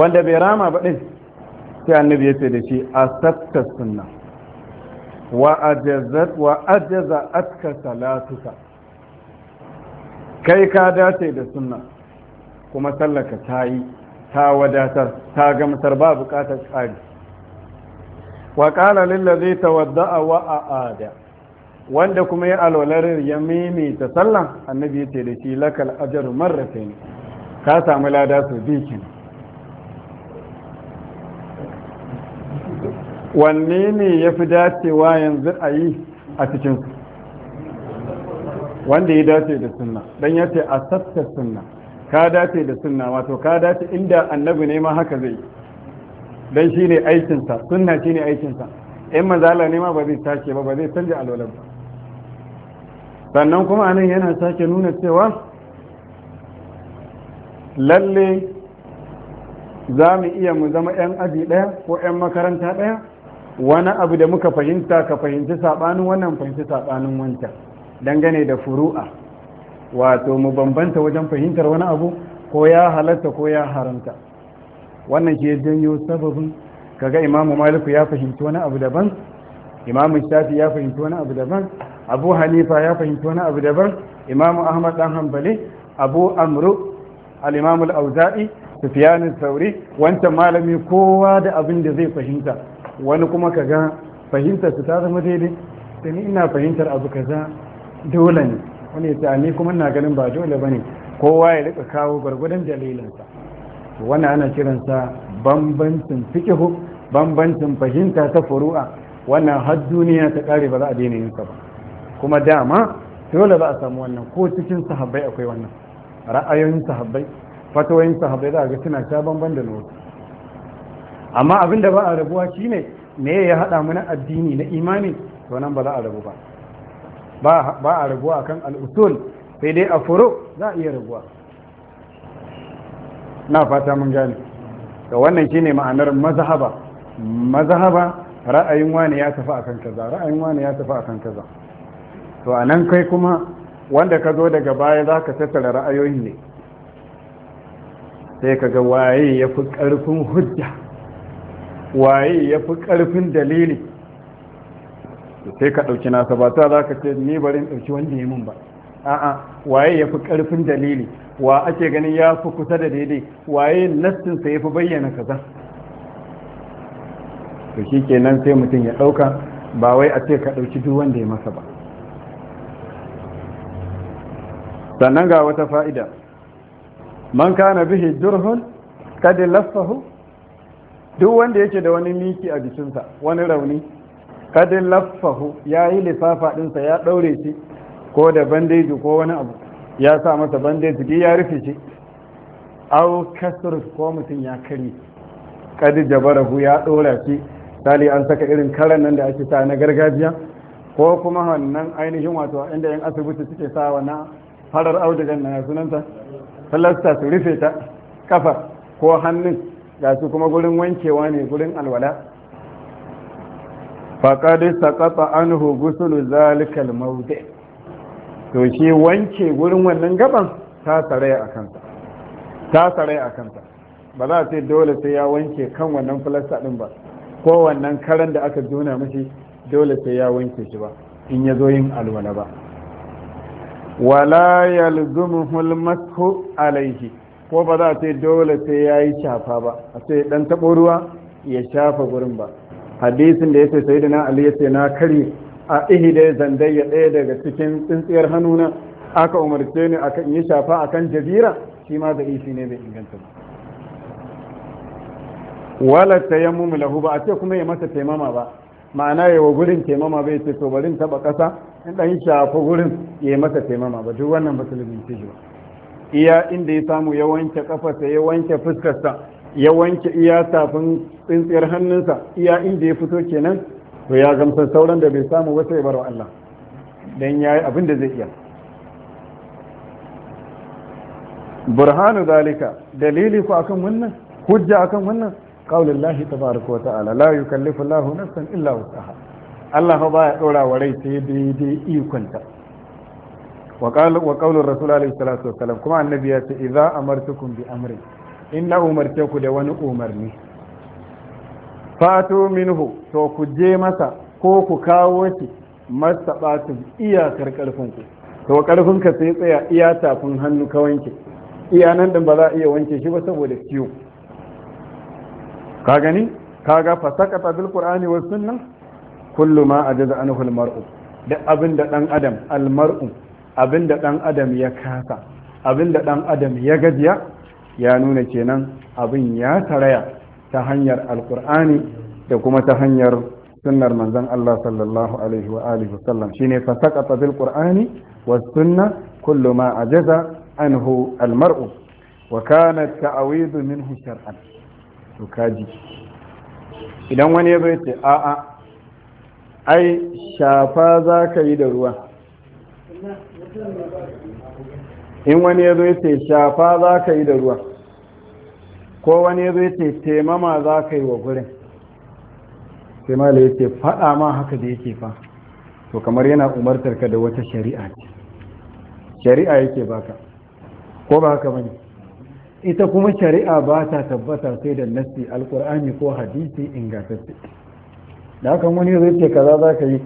wanda bai rama ba din sai annabi ya ce da shi asatta sunna wa ajazat wa ajaza atka salatuka kai ka dace da sunna kuma sallaka ta yi ta wadatar ta gamsar ba bukatar tsari wa ƙala lillazi tawadda'a a da. wanda kuma ya alwalar ya ta sallan annabi ya ce da shi lakal ajaru ne ka samu lada su bikin wanne ne ya fi dacewa yanzu a yi a cikinsu wanda ya dace da sunna don ya ce a sassa sunna ka dace da sunna wato ka dace inda annabi ne ma haka zai dan shine aikin sa sunna shine aikin sa in manzala ne ma ba zai tashi ba ba zai canja alwalar ba sannan kuma anan yana sake nuna cewa lalle za mu iya mu zama 'yan aji ɗaya ko 'yan makaranta ɗaya wani abu da muka fahimta ka fahimci saɓanin wannan fahimci saɓanin wancan dangane da furu'a wato mu bambanta wajen fahimtar wani abu ko ya halatta ko ya haramta wannan ke janyo sababin kaga imamu maliku ya fahimci wani abu daban imamu shafi ya fahimci wani abu daban abu hanifa ya fahimci wani abu daban imamu ahmad dan hanbali abu amru al-imamu al-auza'i sufyan sauri wancan malami kowa da abin da zai fahimta wani kuma kaga fahimtar su ta zama daidai sai ina fahimtar abu kaza dole ne wani ya ni kuma na ganin ba dole ba ne kowa ya rika kawo gwargwadon dalilinsa wani ana kiransa bambancin fikihu bambancin fahimta ta furu'a wannan har duniya ta kare ba za a daina yin ba kuma dama dole za a samu wannan ko cikin sahabbai akwai wannan ra'ayoyin sahabbai fatawoyin sahabbai za a ga suna ta bamban da nawa amma abin da ba a rabuwa shine me ya haɗa mana addini na imani to nan ba za a rabu ba ba a raguwa akan al'usul sai dai a furo za a iya raguwa na fata mun gane da wannan shine ma'anar mazahaba. Mazahaba ra'ayin wani ya tafi akan kaza ra'ayin wani ya tafi akan kaza to a nan kai kuma wanda ka zo daga baya za ka tattara ra'ayoyin ne sai ka ga waye ya fi ƙarfin hujja waye ya fi ƙarfin dalili sai ka ɗauki nasa ba ta za ka ce ni barin ɗauki wanda ya mun ba a'a waye ya fi ƙarfin dalili wa ake ganin ya fi kusa da daidai waye nassinsa ya fi bayyana kaza to shi kenan sai mutum ya ɗauka ba wai a ce ka ɗauki duk wanda ya masa ba sannan ga wata fa'ida man kana bihi jurhun kada lafahu duk wanda yake da wani miki a jikinsa wani rauni kadin laffahu ya yi lissafa ɗinsa ya ɗaure shi ko da bandeji ko wani abu ya sa masa bandeji ya rufe shi aw kasr ko mutum ya kare kadi jabarahu ya ɗora shi sali an saka irin karan nan da ake sa na gargajiya ko kuma wannan ainihin wato inda yan asibiti suke sa wannan farar audigan na sunanta falasta su rufe ta kafa ko hannun ga su kuma gurin wankewa ne gurin alwala faƙaɗi saƙaɗa an hugusulu zalikal maude to shi wanke wurin wannan gaban ta tsaraya a kanta ta tsare a kanta ba za a ce dole sai ya wanke kan wannan fulasta ɗin ba ko wannan karan da aka jona mashi dole sai ya wanke shi ba in ya zo yin alwala ba wala yalzumuhul mashu alaihi ko ba za a ce dole sai ya yi shafa ba a sai ɗan taɓo ruwa ya shafa gurin ba hadisin da ya ce sayyidina ali yace na kari a ihida zandayya ɗaya daga cikin tsintsiyar hannuna aka umarce ni aka yi shafa akan jabira shi ma da ishi ne bai inganta ba wala tayammum lahu ba a ce kuma ya masa taimama ba ma'ana ya wa gurin taimama bai ce to barin taba kasa in dan shafa gurin ya masa taimama ba duk wannan musulmi ce ba iya inda ya samu ya wanke kafarsa ya wanke fuskarsa ya wanke iya tafin tsintsiyar hannunsa iya inda ya fito kenan to ya gamsar sauran da bai samu wata ya barwa Allah dan ya yi abin da zai iya burhanu zalika dalili ku akan wannan hujja akan wannan qaulul lahi tabaaraka wa ta'ala la yukallifu na san illa wus'aha Allah ba ya ɗora wa rai sai daidai ikonta wa qala wa qaulur rasul alaihi salatu wassalam kuma annabi ya ce idza amartukum bi amrin in na umarce ku da wani umarni fatu minhu to ku je masa ko ku kawo shi batun iyakar ƙarfinku to ƙarfinka sai tsaya iya tafin hannu ka wanke iya nan din ba za a iya wanke shi ba saboda ciwo ka gani kaga fa sakata bil qur'ani wa sunna kullu ma ajaza anhu al mar'u da abin da dan adam al mar'u abin da dan adam ya kasa abin da dan adam ya gajiya ya nuna kenan abin ya taraya ta hanyar alkur'ani da kuma ta hanyar sunnar manzan Allah sallallahu alaihi wa alihi wasallam shine fa saqata bil qur'ani was sunna kullu ma ajaza anhu al mar'u wa kana ta'awid minhu shar'an to kaji idan wani ya ce a a ai shafa za ka yi da ruwa in wani ya zo ya ce shafa za ka yi da ruwa ko wani ya zai ce taimama za ka yi wa gurin sai mala ya ce faɗa ma haka da yake fa to kamar yana umartar ka da wata shari'a ce shari'a yake baka ko ba haka bane ita kuma shari'a ba ta tabbata sai da nassi alkur'ani ko hadisi ingantacce da haka wani zai ce kaza za ka yi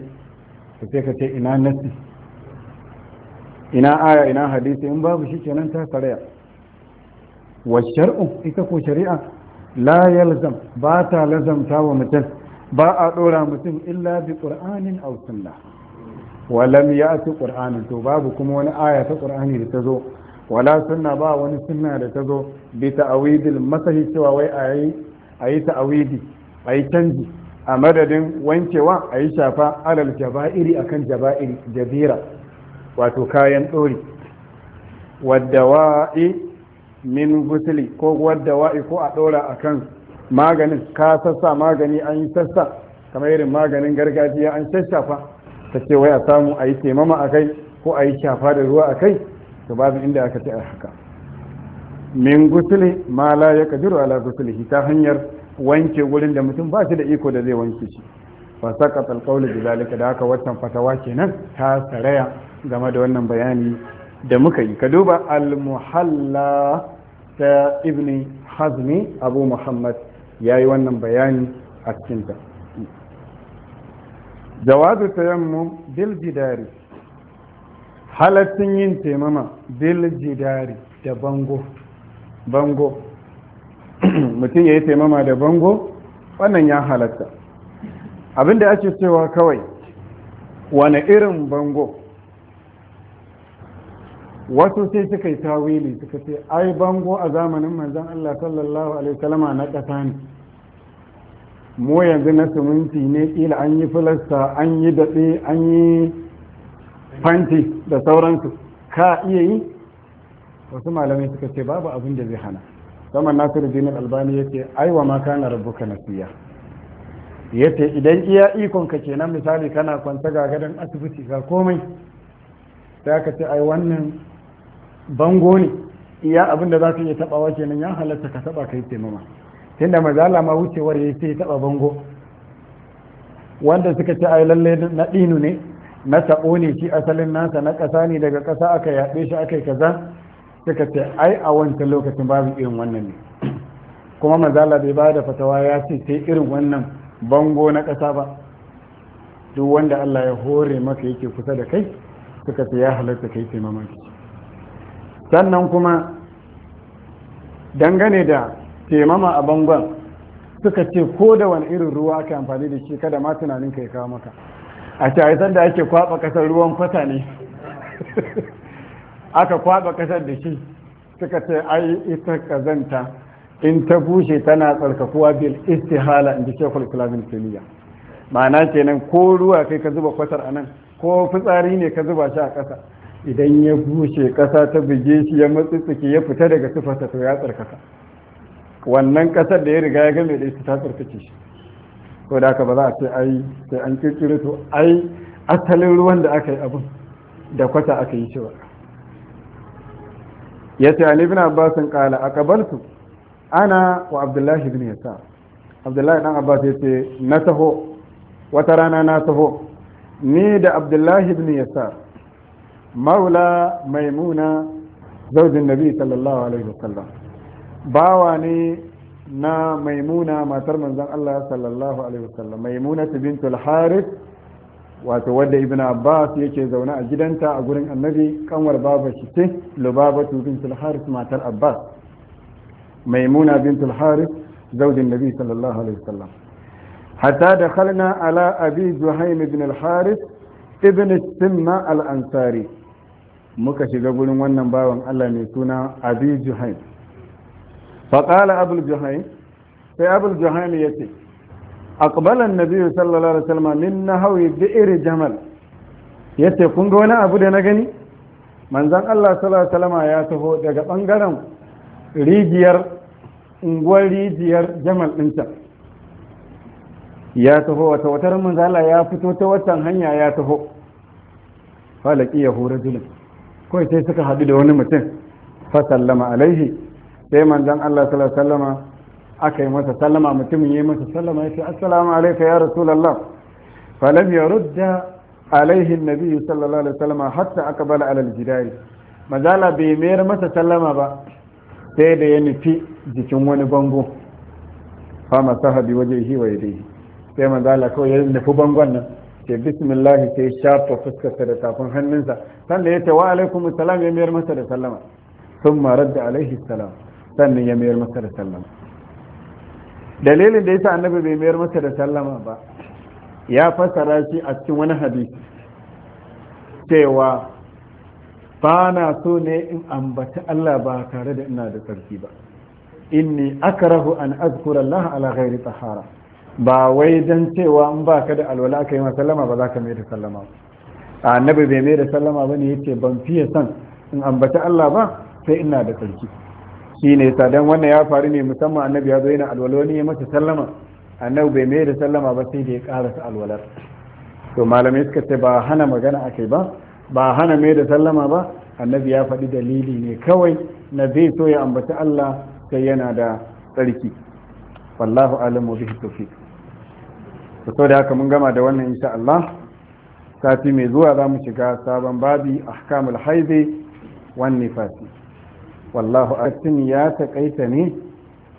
to sai ka ce ina nassi ina aya ina hadisi in babu shi kenan ta karaya wa ita ko shari'a la yalzam ba ta lazamta wa mutum ba a ɗora mutum illa bi qur'anin aw sunna wa lam ya'ti to babu kuma wani aya ta ƙur'ani da ta zo wala sunna ba wani sunna da ta zo bi ta'awidil masahi cewa wai ayi ayi ta'awidi ayi canji a madadin wankewa ayi shafa alal jaba'iri akan jaba'iri Jabira wato kayan ɗori wadda wa'i min gusli ko wadda wa'i ko a ɗora a kan maganin ka sassa magani an yi sassa kamar irin maganin gargajiya an shashafa ta ce wai a samu a yi taimama a kai ko a yi shafa da ruwa a kai to babu inda aka ce a haka min gusuli ma la ya kadiru ala gusulihi ta hanyar wanke wurin da mutum ba shi da iko da zai wanke shi fa saqata alqawlu zalika da haka wannan fatawa kenan ta saraya game da wannan bayani da muka yi ka duba al-muhalla ta ibni hazmi abu muhammad ya yi wannan bayani a cikinta jawazu tayammum bil jidari halattun yin taimama bil jidari da bango bango mutum ya yi taimama da bango wannan ya halatta abinda ake cewa kawai wane irin bango wasu sai suka yi tawili suka ce ai bango a zamanin manzon Allah sallallahu alaihi wasallama na ƙasa ne mu yanzu na siminti ne kila an yi filasta an yi daɗe an yi fanti da sauransu ka iya yi wasu malamai suka ce babu abin da zai hana sama nasiru dinar albani ya ce aiwa ma kana na nasiya ya ce idan iya ikon ka kenan misali kana kwanta ga gadon asibiti ga komai sai aka ce ai wannan bango ne iya abin da za ka iya tabawa kenan ya halatta ka taɓa ka yi taimama tunda mazala ma wucewar ya sai taɓa bango wanda suka ce yi lalle na ɗinu ne na taɓo ne shi asalin nasa na ƙasa ne daga ƙasa aka yaɗe shi aka yi kaza suka ce ai a wancan lokacin babu irin wannan ne kuma mazala bai ba da fatawa ya ce sai irin wannan bango na ƙasa ba duk wanda Allah ya hore maka yake kusa da kai suka ce ya halatta kai taimama ki sannan kuma dangane da taimama a bangon suka ce ko da wani irin ruwa ake amfani da shi kada ma tunanin ka ya kawo maka a shayitar da ake kwaba kasar ruwan kwata ne aka kwaba kasar da shi suka ce ai ita kazanta in ta bushe tana tsarkakuwa bil istihala in ji shekul islamin tuniya ma'ana kenan ko ruwa kai ka zuba kwatar a nan ko fitsari ne ka zuba shi a ƙasa idan ya bushe ƙasa ta buge shi ya matsitsike ya fita daga sifarsa to ya tsarkaka wannan ƙasar da ya riga ya game da ita ta tsarkake shi ko da ka ba za a ce ai sai an kirkiro to ai asalin ruwan da aka yi abin da kwata aka yi cewa ya ce an ibn abbas kala a kabaltu ana wa abdullahi ibn yasa abdullahi dan abbas ya ce na taho wata rana na taho ni da abdullahi ibn yasa maula maimuna zaujin nabi sallallahu alaihi wasallam bawa ne na maimuna matar manzon Allah sallallahu alaihi wasallam maimuna al harith wato wadda ibn abbas yake zaune a gidanta a gurin annabi kanwar baba shi ce lubabatu bintul harith matar abbas maimuna Bintu bintul harith zaujin nabi sallallahu alaihi wasallam hatta dakhalna ala abi zuhaym ibn al harith ibn simma al ansari muka shiga gurin wannan bawan Allah mai suna abi juhaim faƙala abul Juhain sai abul Juhain ya ce aqbalan nabiyyu sallallahu alaihi wasallam min nahwi bi'r jamal ya ce kun ga wani abu da na gani manzon Allah sallallahu alaihi wasallam ya taho daga bangaren rijiyar unguwar rijiyar jamal din ta ya taho wata watar manzala ya fito ta watan hanya ya taho ya hura julin kawai sai suka haɗu da wani mutum fa sallama alaihi sai manzon Allah sallallahu alaihi aka yi masa sallama mutumin ya yi masa sallama ya ce assalamu alaika ya rasulallah falam ya rudda alaihin nabi sallallahu alaihi wasallam hatta aka bala alal jidari mazala bai mayar masa sallama ba sai da ya nufi jikin wani bango fama sahabi waje yi wa yadai sai mazala kawai ya nufi bangon nan ce bismillah sai shafa fuskarsa da tafin hannunsa sannan ya ce wa alaikum salam ya mayar masa da sallama sun marar da alaihi salam sannan ya mayar masa da sallama dalilin da ya sa annabi bai mayar masa da sallama ba ya fassara shi a cikin wani hadisi cewa ba na so ne in ambaci Allah ba tare da ina da tsarki ba inni akrahu an azkura Allah ala ghairi tahara ba wai don cewa in ba ka da alwala aka yi ma sallama ba za ka mai da sallama ba nabi bai mai da sallama ba ne yace ban fiye son in ambaci Allah ba sai ina da tsarki shi ne sa don wannan ya faru ne musamman annabi ya zo yana alwala wani ya masa sallama annabi bai mai da sallama ba sai da ya karasa alwalar to malamai suka ce ba hana magana akai ba ba hana mai da sallama ba annabi ya faɗi dalili ne kawai na zai so ya ambaci Allah sai yana da tsarki wallahu alamu bihi tawfiq so da haka mun gama da wannan insha Allah sati mai zuwa za mu shiga sabon babi a kamul haize wani fasi wallahu cikin ya takaita ne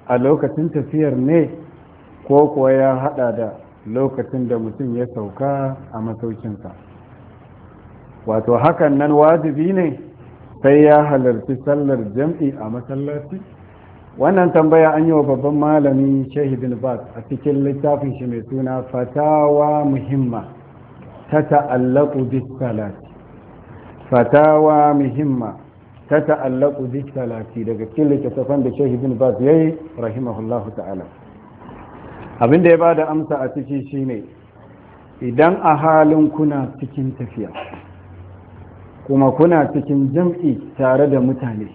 a lokacin tafiyar ne ko kuwa ya hada da lokacin da mutum ya sauka a masaukinsa wato hakan nan wajibi ne sai ya halarci sallar jam'i a masallaci wannan tambaya an yi wa babban malami shahidin Bas a cikin littafin shi mai suna fatawa muhimma ta ta'allaku salati fatawa muhimma ta ta'allaku salati daga cikin littattafan da shahidin Bas ya yi rahimahullahu ta'ala Abin da ya ba da amsa a ciki shine idan a halin kuna cikin tafiya kuma kuna cikin jam'i tare da mutane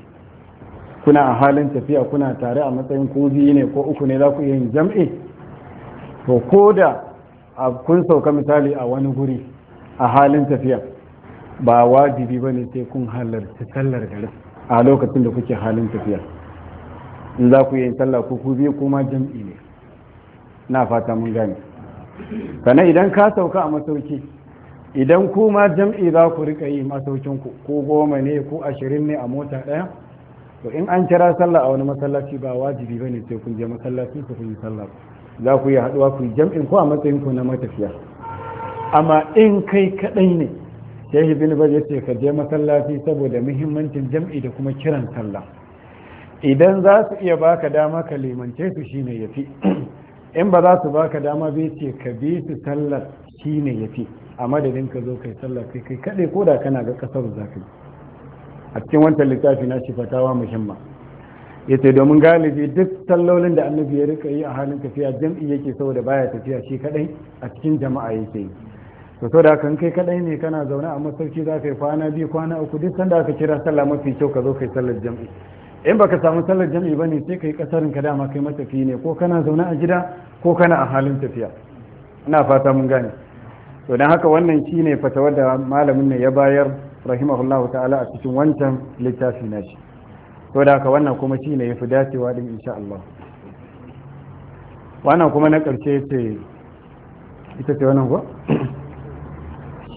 kuna a halin tafiya kuna tare a matsayin ko biyu ne ko uku ne za ku iya yin jam'i to ko da kun sauka misali a wani guri a halin tafiya ba wajibi ba ne sai kun halarci sallar gari a lokacin da kuke halin tafiya in za ku yin sallah ko ku biyu kuma jam'i ne na fata mun gane sannan idan ka sauka a masauki idan kuma jam'i za ku rika yi masaukinku ku ko goma ne ko ashirin ne a mota ɗaya to in an kira sallah a wani masallaci ba wajibi ba ne sai kun je masallaci ku yi sallah za ku yi haduwa ku yi jam'in ko a matsayin ku na matafiya amma in kai kadai ne shi bin baz ce ka je masallaci saboda muhimmancin jam'i da kuma kiran sallah idan za su iya baka dama ka limance su shine yafi in ba za su baka dama bai ce ka bi su sallar shine yafi a madadin ka zo kai sallar kai kai kadai ko da kana ga kasar za ka a cikin wancan littafi na shi fatawa muhimma ce domin galibi duk tallolin da annabi ya rika yi a halin tafiya jam'i yake saboda baya tafiya shi kadai a cikin jama'a yake yi to so da kan kai kadai ne kana zaune a masauki za ka yi kwana biyu kwana uku duk sanda aka kira sallah mafi kyau ka zo kai sallar jam'i in baka samu sallar jam'i bane sai kai kasarin ka dama kai matafi ne ko kana zaune a gida ko kana a halin tafiya ina fata mun gane to dan haka wannan shine fatawar da malamin ne ya bayar rahimahullahu ta'ala a cikin wancan littafi na shi to da haka wannan kuma shi ne ya fi dacewa din insha Allah wannan kuma na ƙarshe ce ita ce wannan ko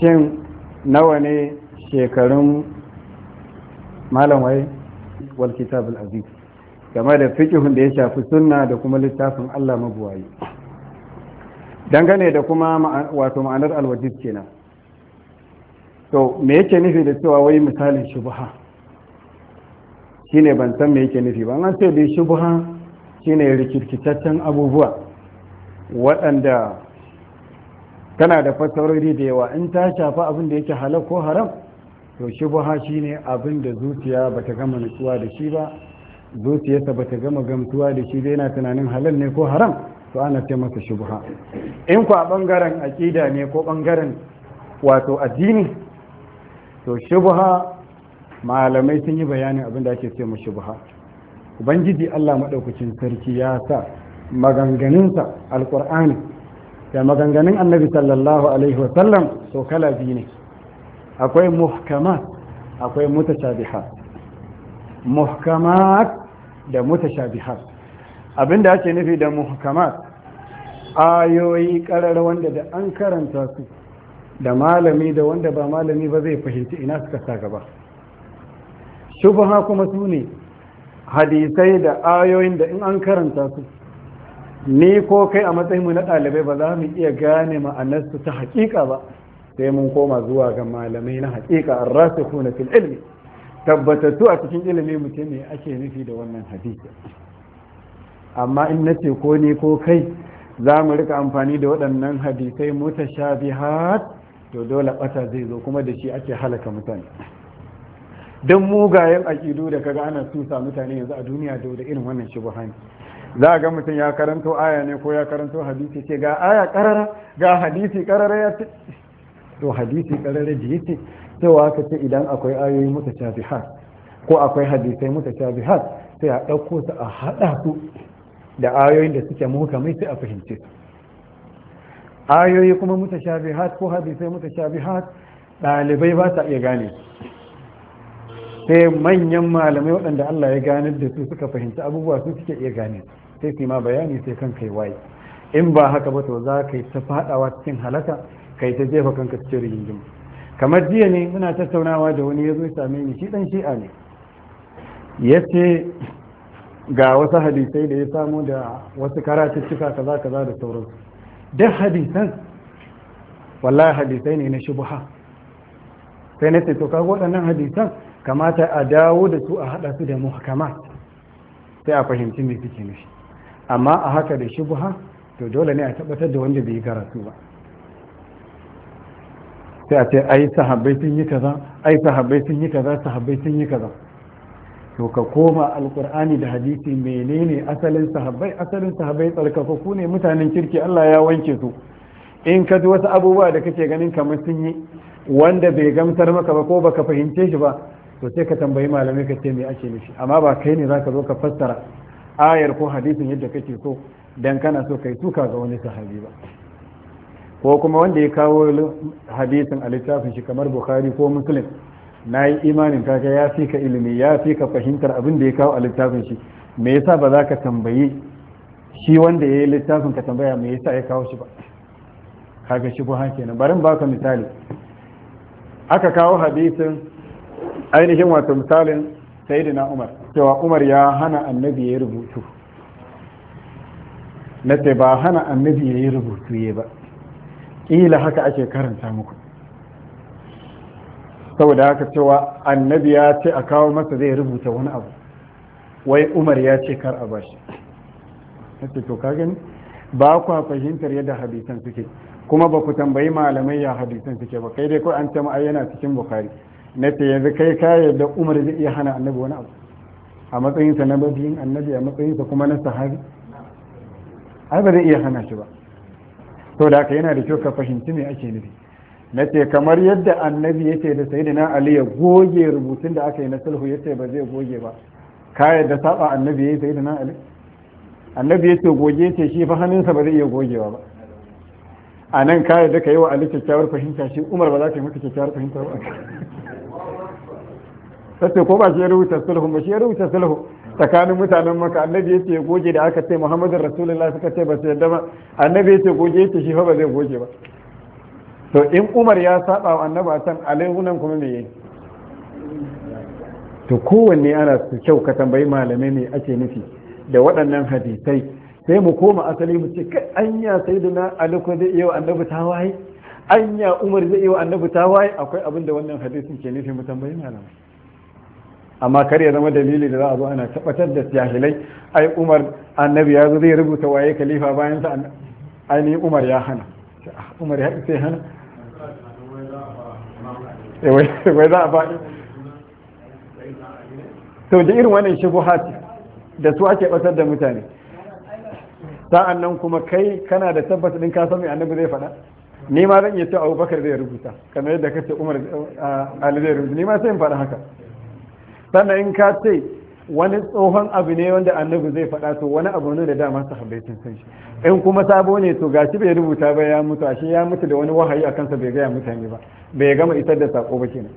shin nawa ne shekarun malam wai wal kitab al aziz game da fiqhun da ya shafi sunna da kuma littafin Allah mabuwayi dangane da kuma wato ma'anar al-wajib kenan to me yake nufi da cewa wai misalin shubha shine ban san me yake nufi ba an sai dai shubha shine rikirkitaccen abubuwa waɗanda tana da fassarori da yawa in ta shafa abin da yake halal ko haram to shubha shine abin da zuciya bata gama nutsuwa da shi ba zuciyarsa bata gama gamtuwa da shi bai yana tunanin halal ne ko haram to ana ce masa shubha in ku a bangaren aƙida ne ko bangaren wato addini to shubha malamai sun yi bayanin abin da ake ce mu shubha ubangiji Allah maɗaukacin sarki ya sa maganganunsa alƙur'ani da maganganun annabi sallallahu alaihi wa sallam to kala biyu ne akwai muhkamat akwai mutashabihat muhkamat da mutashabihat abinda ake nufi da muhkamat ayoyi karar wanda da an karanta su da malami da wanda ba malami ba zai fahimci ina suka sa gaba shubha kuma su ne hadisai da ayoyin da in an karanta su ni ko kai a matsayin mu na ɗalibai ba za mu iya gane ma'anarsu ta haƙiƙa ba sai mun koma zuwa ga malamai na haƙiƙa an rasa kuna fil ilmi tabbatattu a cikin ilimi mutum ne ake nufi da wannan hadisi amma in na ce ko ni ko kai za mu rika amfani da waɗannan hadisai mutashabihat to dole ɓata zai zo kuma da shi ake halaka mutane don mugayen aƙidu da kaga ana tusa mutane yanzu a duniya da da irin wannan shubuhani za a ga mutum ya karanto aya ne ko ya karanto hadisi ce ga aya karara ga hadisi karara ya ce to hadisi karara da yake cewa ka ce idan akwai ayoyi mutashabihat ko akwai hadisai mutashabihat sai a ɗauko su a haɗa su da ayoyin da suke mai sai a fahimce su ayoyi kuma mutashabihat ko hadisai mutashabihat ɗalibai ba ta iya gane sai manyan malamai waɗanda Allah ya gane da su suka fahimci abubuwa su suke iya gane sai su ma bayani sai kan kai waye in ba haka ba to za ka yi ta faɗawa cikin halaka kai ta jefa kanka cikin rigingim kamar jiya ne muna tattaunawa da wani ya zo same ni shi ɗan shi'a ne ya ce ga wasu hadisai da ya samu da wasu karatuttuka kaza kaza da sauransu Dan hadisan wallahi hadisai ne na shubha sai na ce to kaga waɗannan hadisan kamata a dawo da su a haɗa su da muhakama, sai a fahimci me suke amma a haka da shubha to dole ne a tabbatar da wanda bai karatu ba sai a ce ai sahabbai sun yi kaza ai sahabbai sun yi kaza sahabbai sun yi kaza to ka koma alkur'ani da hadisi menene asalin sahabbai asalin sahabbai tsarkakaku ne mutanen kirki Allah ya wanke su in ka ji wasu abubuwa da kake ganin kamar sun yi wanda bai gamsar maka ba ko baka fahimce shi ba to sai ka tambayi malamai ka ce me ake nufi amma ba kai ne zaka zo ka fassara ayar ko hadisin yadda kake so dan kana so kai tuka ga wani sahabi ba ko kuma wanda ya kawo hadisin a littafin shi kamar bukhari ko muslim na yi imanin kaga ya fi ka ilimi ya fi ka fahimtar abin da ya kawo a littafin shi me yasa ba za ka tambayi shi wanda ya yi littafin ka tambaya me yasa ya kawo shi ba kaga shi hanke na barin baka misali aka kawo hadisin ainihin wato misalin sayyidina umar cewa umar ya hana annabi ya rubutu na ba hana annabi ya yi rubutu ya ba ƙila haka ake karanta muku saboda haka cewa annabi ya ce a kawo masa zai rubuta wani abu wai umar ya ce kar a bashi ce to ka gani ba ku fahimtar yadda hadisan suke kuma ba ku tambayi malamai ya hadisan suke ba kai dai ko an tama yana cikin bukari na ce yanzu kai ka yadda umar zai iya hana annabi wani abu a matsayinsa na babiyin annabi a matsayinsa kuma na sahabi ai ba zai iya hana shi ba to da haka yana da kyau ka fahimci me ake nufi na ce kamar yadda annabi ya ce da sayidina ali ya goge rubutun da aka yi na sulhu ya ce ba zai goge ba ka yadda saba annabi ya yi sayidina ali annabi ya ce goge ce shi fa hannunsa ba zai iya gogewa ba a nan ka yadda ka yi wa ali kyakkyawar fahimta shi umar ba za ka yi maka kyakkyawar fahimta ba sai ko ba shi ya rubuta sulhu ba shi ya rubuta sulhu tsakanin mutanen maka annabi ya ce goge da aka ce muhammadin rasulullah suka ce ba su yadda ba annabi ya ce goge ya ce shi fa ba zai goge ba to in umar ya saba wa annabi a can alaihunan kuma me yayi to kowanne ana su kyau ka tambayi malamai me ake nufi da waɗannan hadisai sai mu koma asali mu ce kai anya sayyidina ali ko zai iya annabi waye, anya umar zai iya annabi waye, akwai abin da wannan hadisin ke nufi mu tambayi malamai amma kar ya zama dalili da za a zo ana tabbatar da jahilai ai umar annabi ya zo zai rubuta waye khalifa bayan sa ai ni umar ya hana ah, umar ya sai hana Eh, wai za a faɗi to da irin wannan buhati da su ake batar da mutane sa'an nan kuma kai kana da tabbata ɗin ka san mai annabi zai faɗa ni ma zan iya cewa abubakar zai rubuta kamar yadda ka ce umar ali zai rubuta ni ma sai in faɗa haka sannan in ka ce wani tsohon abu ne wanda annabi zai faɗa to wani abu ne da dama sahabbai sun san shi in kuma sabo ne to gashi bai rubuta ba ya mutu ashe ya mutu da wani wahayi a kansa bai gaya mutane ba bai gama isar da sako ba kenan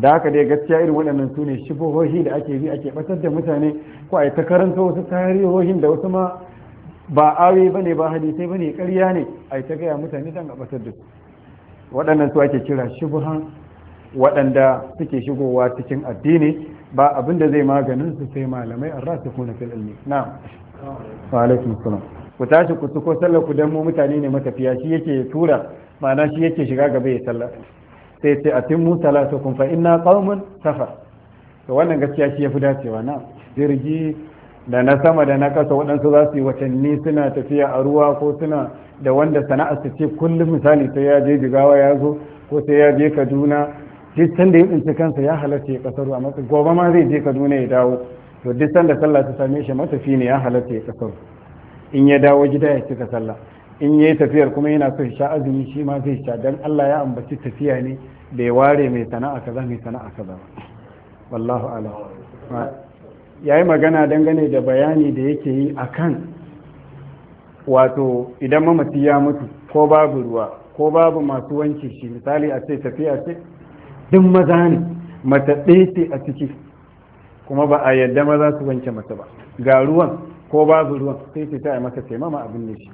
da haka dai gaskiya irin waɗannan su ne shifohohi da ake bi ake ɓatar da mutane ko a ta karanta wasu tarihohin da wasu ma ba awe ba ne ba hadisai ba ne ƙarya ne a ta gaya mutane don a ɓatar da su waɗannan su ake kira shubuhan waɗanda suke shigowa cikin addini ba abin da zai maganin su sai malamai an rasu kuna fil na wa alaikum salam ku tashi ku ko sallar ku dan mu mutane ne matafiya shi yake tura ma'ana shi yake shiga gaba ya sallah sai ce a tun musala su kun fa ina qaumun safar to wannan gaskiya shi yafi dacewa na jirgi da na sama da na kasa waɗansu za su yi watanni suna tafiya a ruwa ko suna da wanda sana'ar su ce kullum misali sai ya je jigawa ya zo ko sai ya je kaduna duk da ya tsinci kansa ya halarci ya kasaru a matsayin gobe ma zai je kaduna ya dawo to duk sanda sallah ta same shi matafi ne ya halarta ya kasaru in ya dawo gida ya cika sallah in yi tafiyar kuma yana so sha azumi shi ma zai sha dan Allah ya ambaci tafiya ne bai ware mai sana'a kaza mai sana'a kaza ba. wallahu alam yayi magana dangane da bayani da yake yi akan wato idan mamaci ya mutu ko babu ruwa ko babu masu wanke shi misali a ce tafiya ce duk maza ne mata ɗaya a ciki kuma ba a yadda maza su wanke mata ba ga ruwan ko babu ruwan sai ce ta yi masa taimama abin ne shi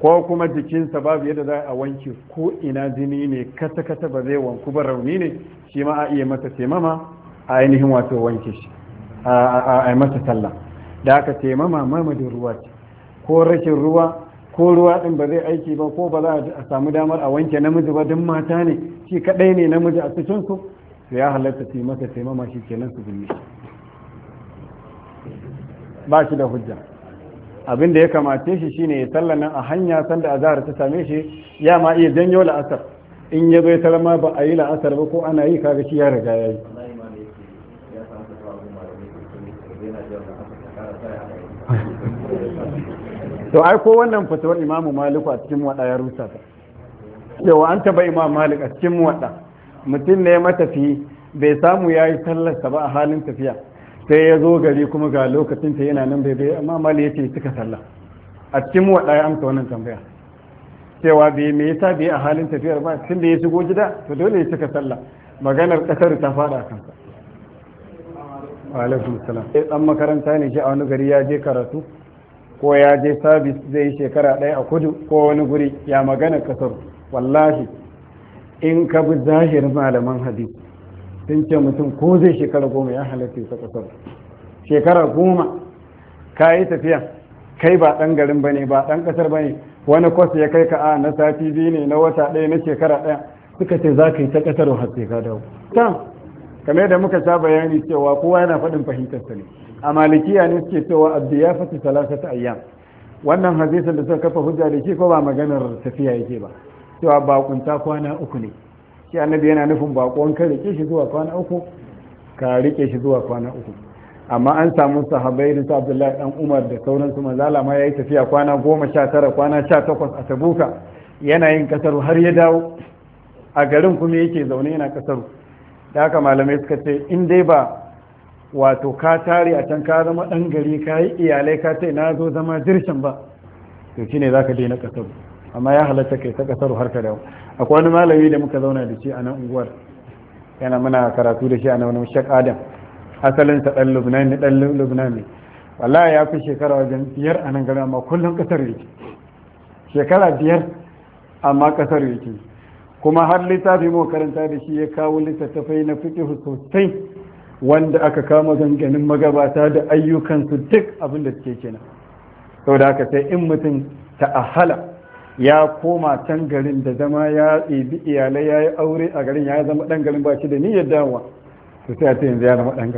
ko kuma jikinsa babu yadda za a wanke ko ina jini ne kata-kata ba zai wanku ba rauni ne shi ma a iya masa taimama a ainihin wato wanke shi a masa sallah da aka taimama mamadin ruwa ce ko rashin ruwa ko ruwa ɗin ba zai aiki ba ko ba za a samu damar a wanke namiji ba don mata ne shi kaɗai ne namiji a cikin su to ya halatta su yi masa taimama shi kenan su binne ba shi da hujja abin da ya kamace shi shine ya sallan nan a hanya sanda azhar ta same shi ya ma iya janyo la'asar in ya bai talma ba a yi la'asar ba ko ana yi kaga shi ya riga ya yi to ai ko wannan fatawar imamu maliku a cikin wada ya rusa ta cewa an taba imam malik a cikin wada mutum ne matafi bai samu ya yi sallarsa ba a halin tafiya sai ya zo gari kuma ga lokacin ta yana nan bai bai amma mali ce suka sallah a cikin wa ya amsa wannan tambaya cewa bai me yasa bai a halin tafiyar ba tun da ya shigo gida to dole ya suka sallah maganar ƙasar ta fada kansa alaikum salam sai dan makaranta ne shi a wani gari ya je karatu ko ya je sabis zai yi shekara ɗaya a kudu ko wani guri ya magana ƙasar wallahi in ka bi zahirin malaman hadisi sun ce mutum ko zai shekara goma ya halatta ta kasar shekara goma ka yi tafiya kai ba ɗan garin ba ne ba ɗan ƙasar ba ne wani kwas ya kai ka a na sati biyu ne na wata ɗaya na shekara ɗaya suka ce za ka yi ta ƙasar har sai ka dawo ta kamar da muka sa bayani cewa kowa yana faɗin fahimtar ne a malikiya ne suke cewa abdu ya fata ta ayyam wannan hadisin da suka kafa hujja da shi ko ba maganar tafiya yake ba cewa ba kunta kwana uku ne shi annabi yana nufin bakon ka rike shi zuwa kwana uku ka rike shi zuwa kwana uku amma an samu sahabai da su abdullahi dan umar da sauransu manzala ma ya tafiya kwana goma sha tara kwana sha takwas a tabuka yana yin kasaru har ya dawo a garin kuma yake zaune yana kasaru da haka malamai suka ce in dai ba wato ka tare a can ka zama ɗan gari ka yi iyalai ka ce na zo zama dirshin ba to shine zaka ka daina kasaru amma ya halatta kai ta kasar har ka dawo akwai wani malami da muka zauna da shi a nan unguwar yana muna karatu da shi a nan shek adam asalin sa dan lubnan ne dan lubnan ne wallahi ya fi shekara wajen biyar a nan gari amma kullum kasar yake shekara biyar amma kasar yake kuma har littafi mu karanta da shi ya kawo littattafai na fiqhu sosai wanda aka kama zanganin magabata da ayyukansu duk abin da suke kenan saboda haka sai in mutum ta'ahala ya koma can garin da zama ya ɗebi iyalai ya yi aure a garin ya zama ɗan garin ba shi da niyyar dawowa su sai a ce yanzu ya zama ɗan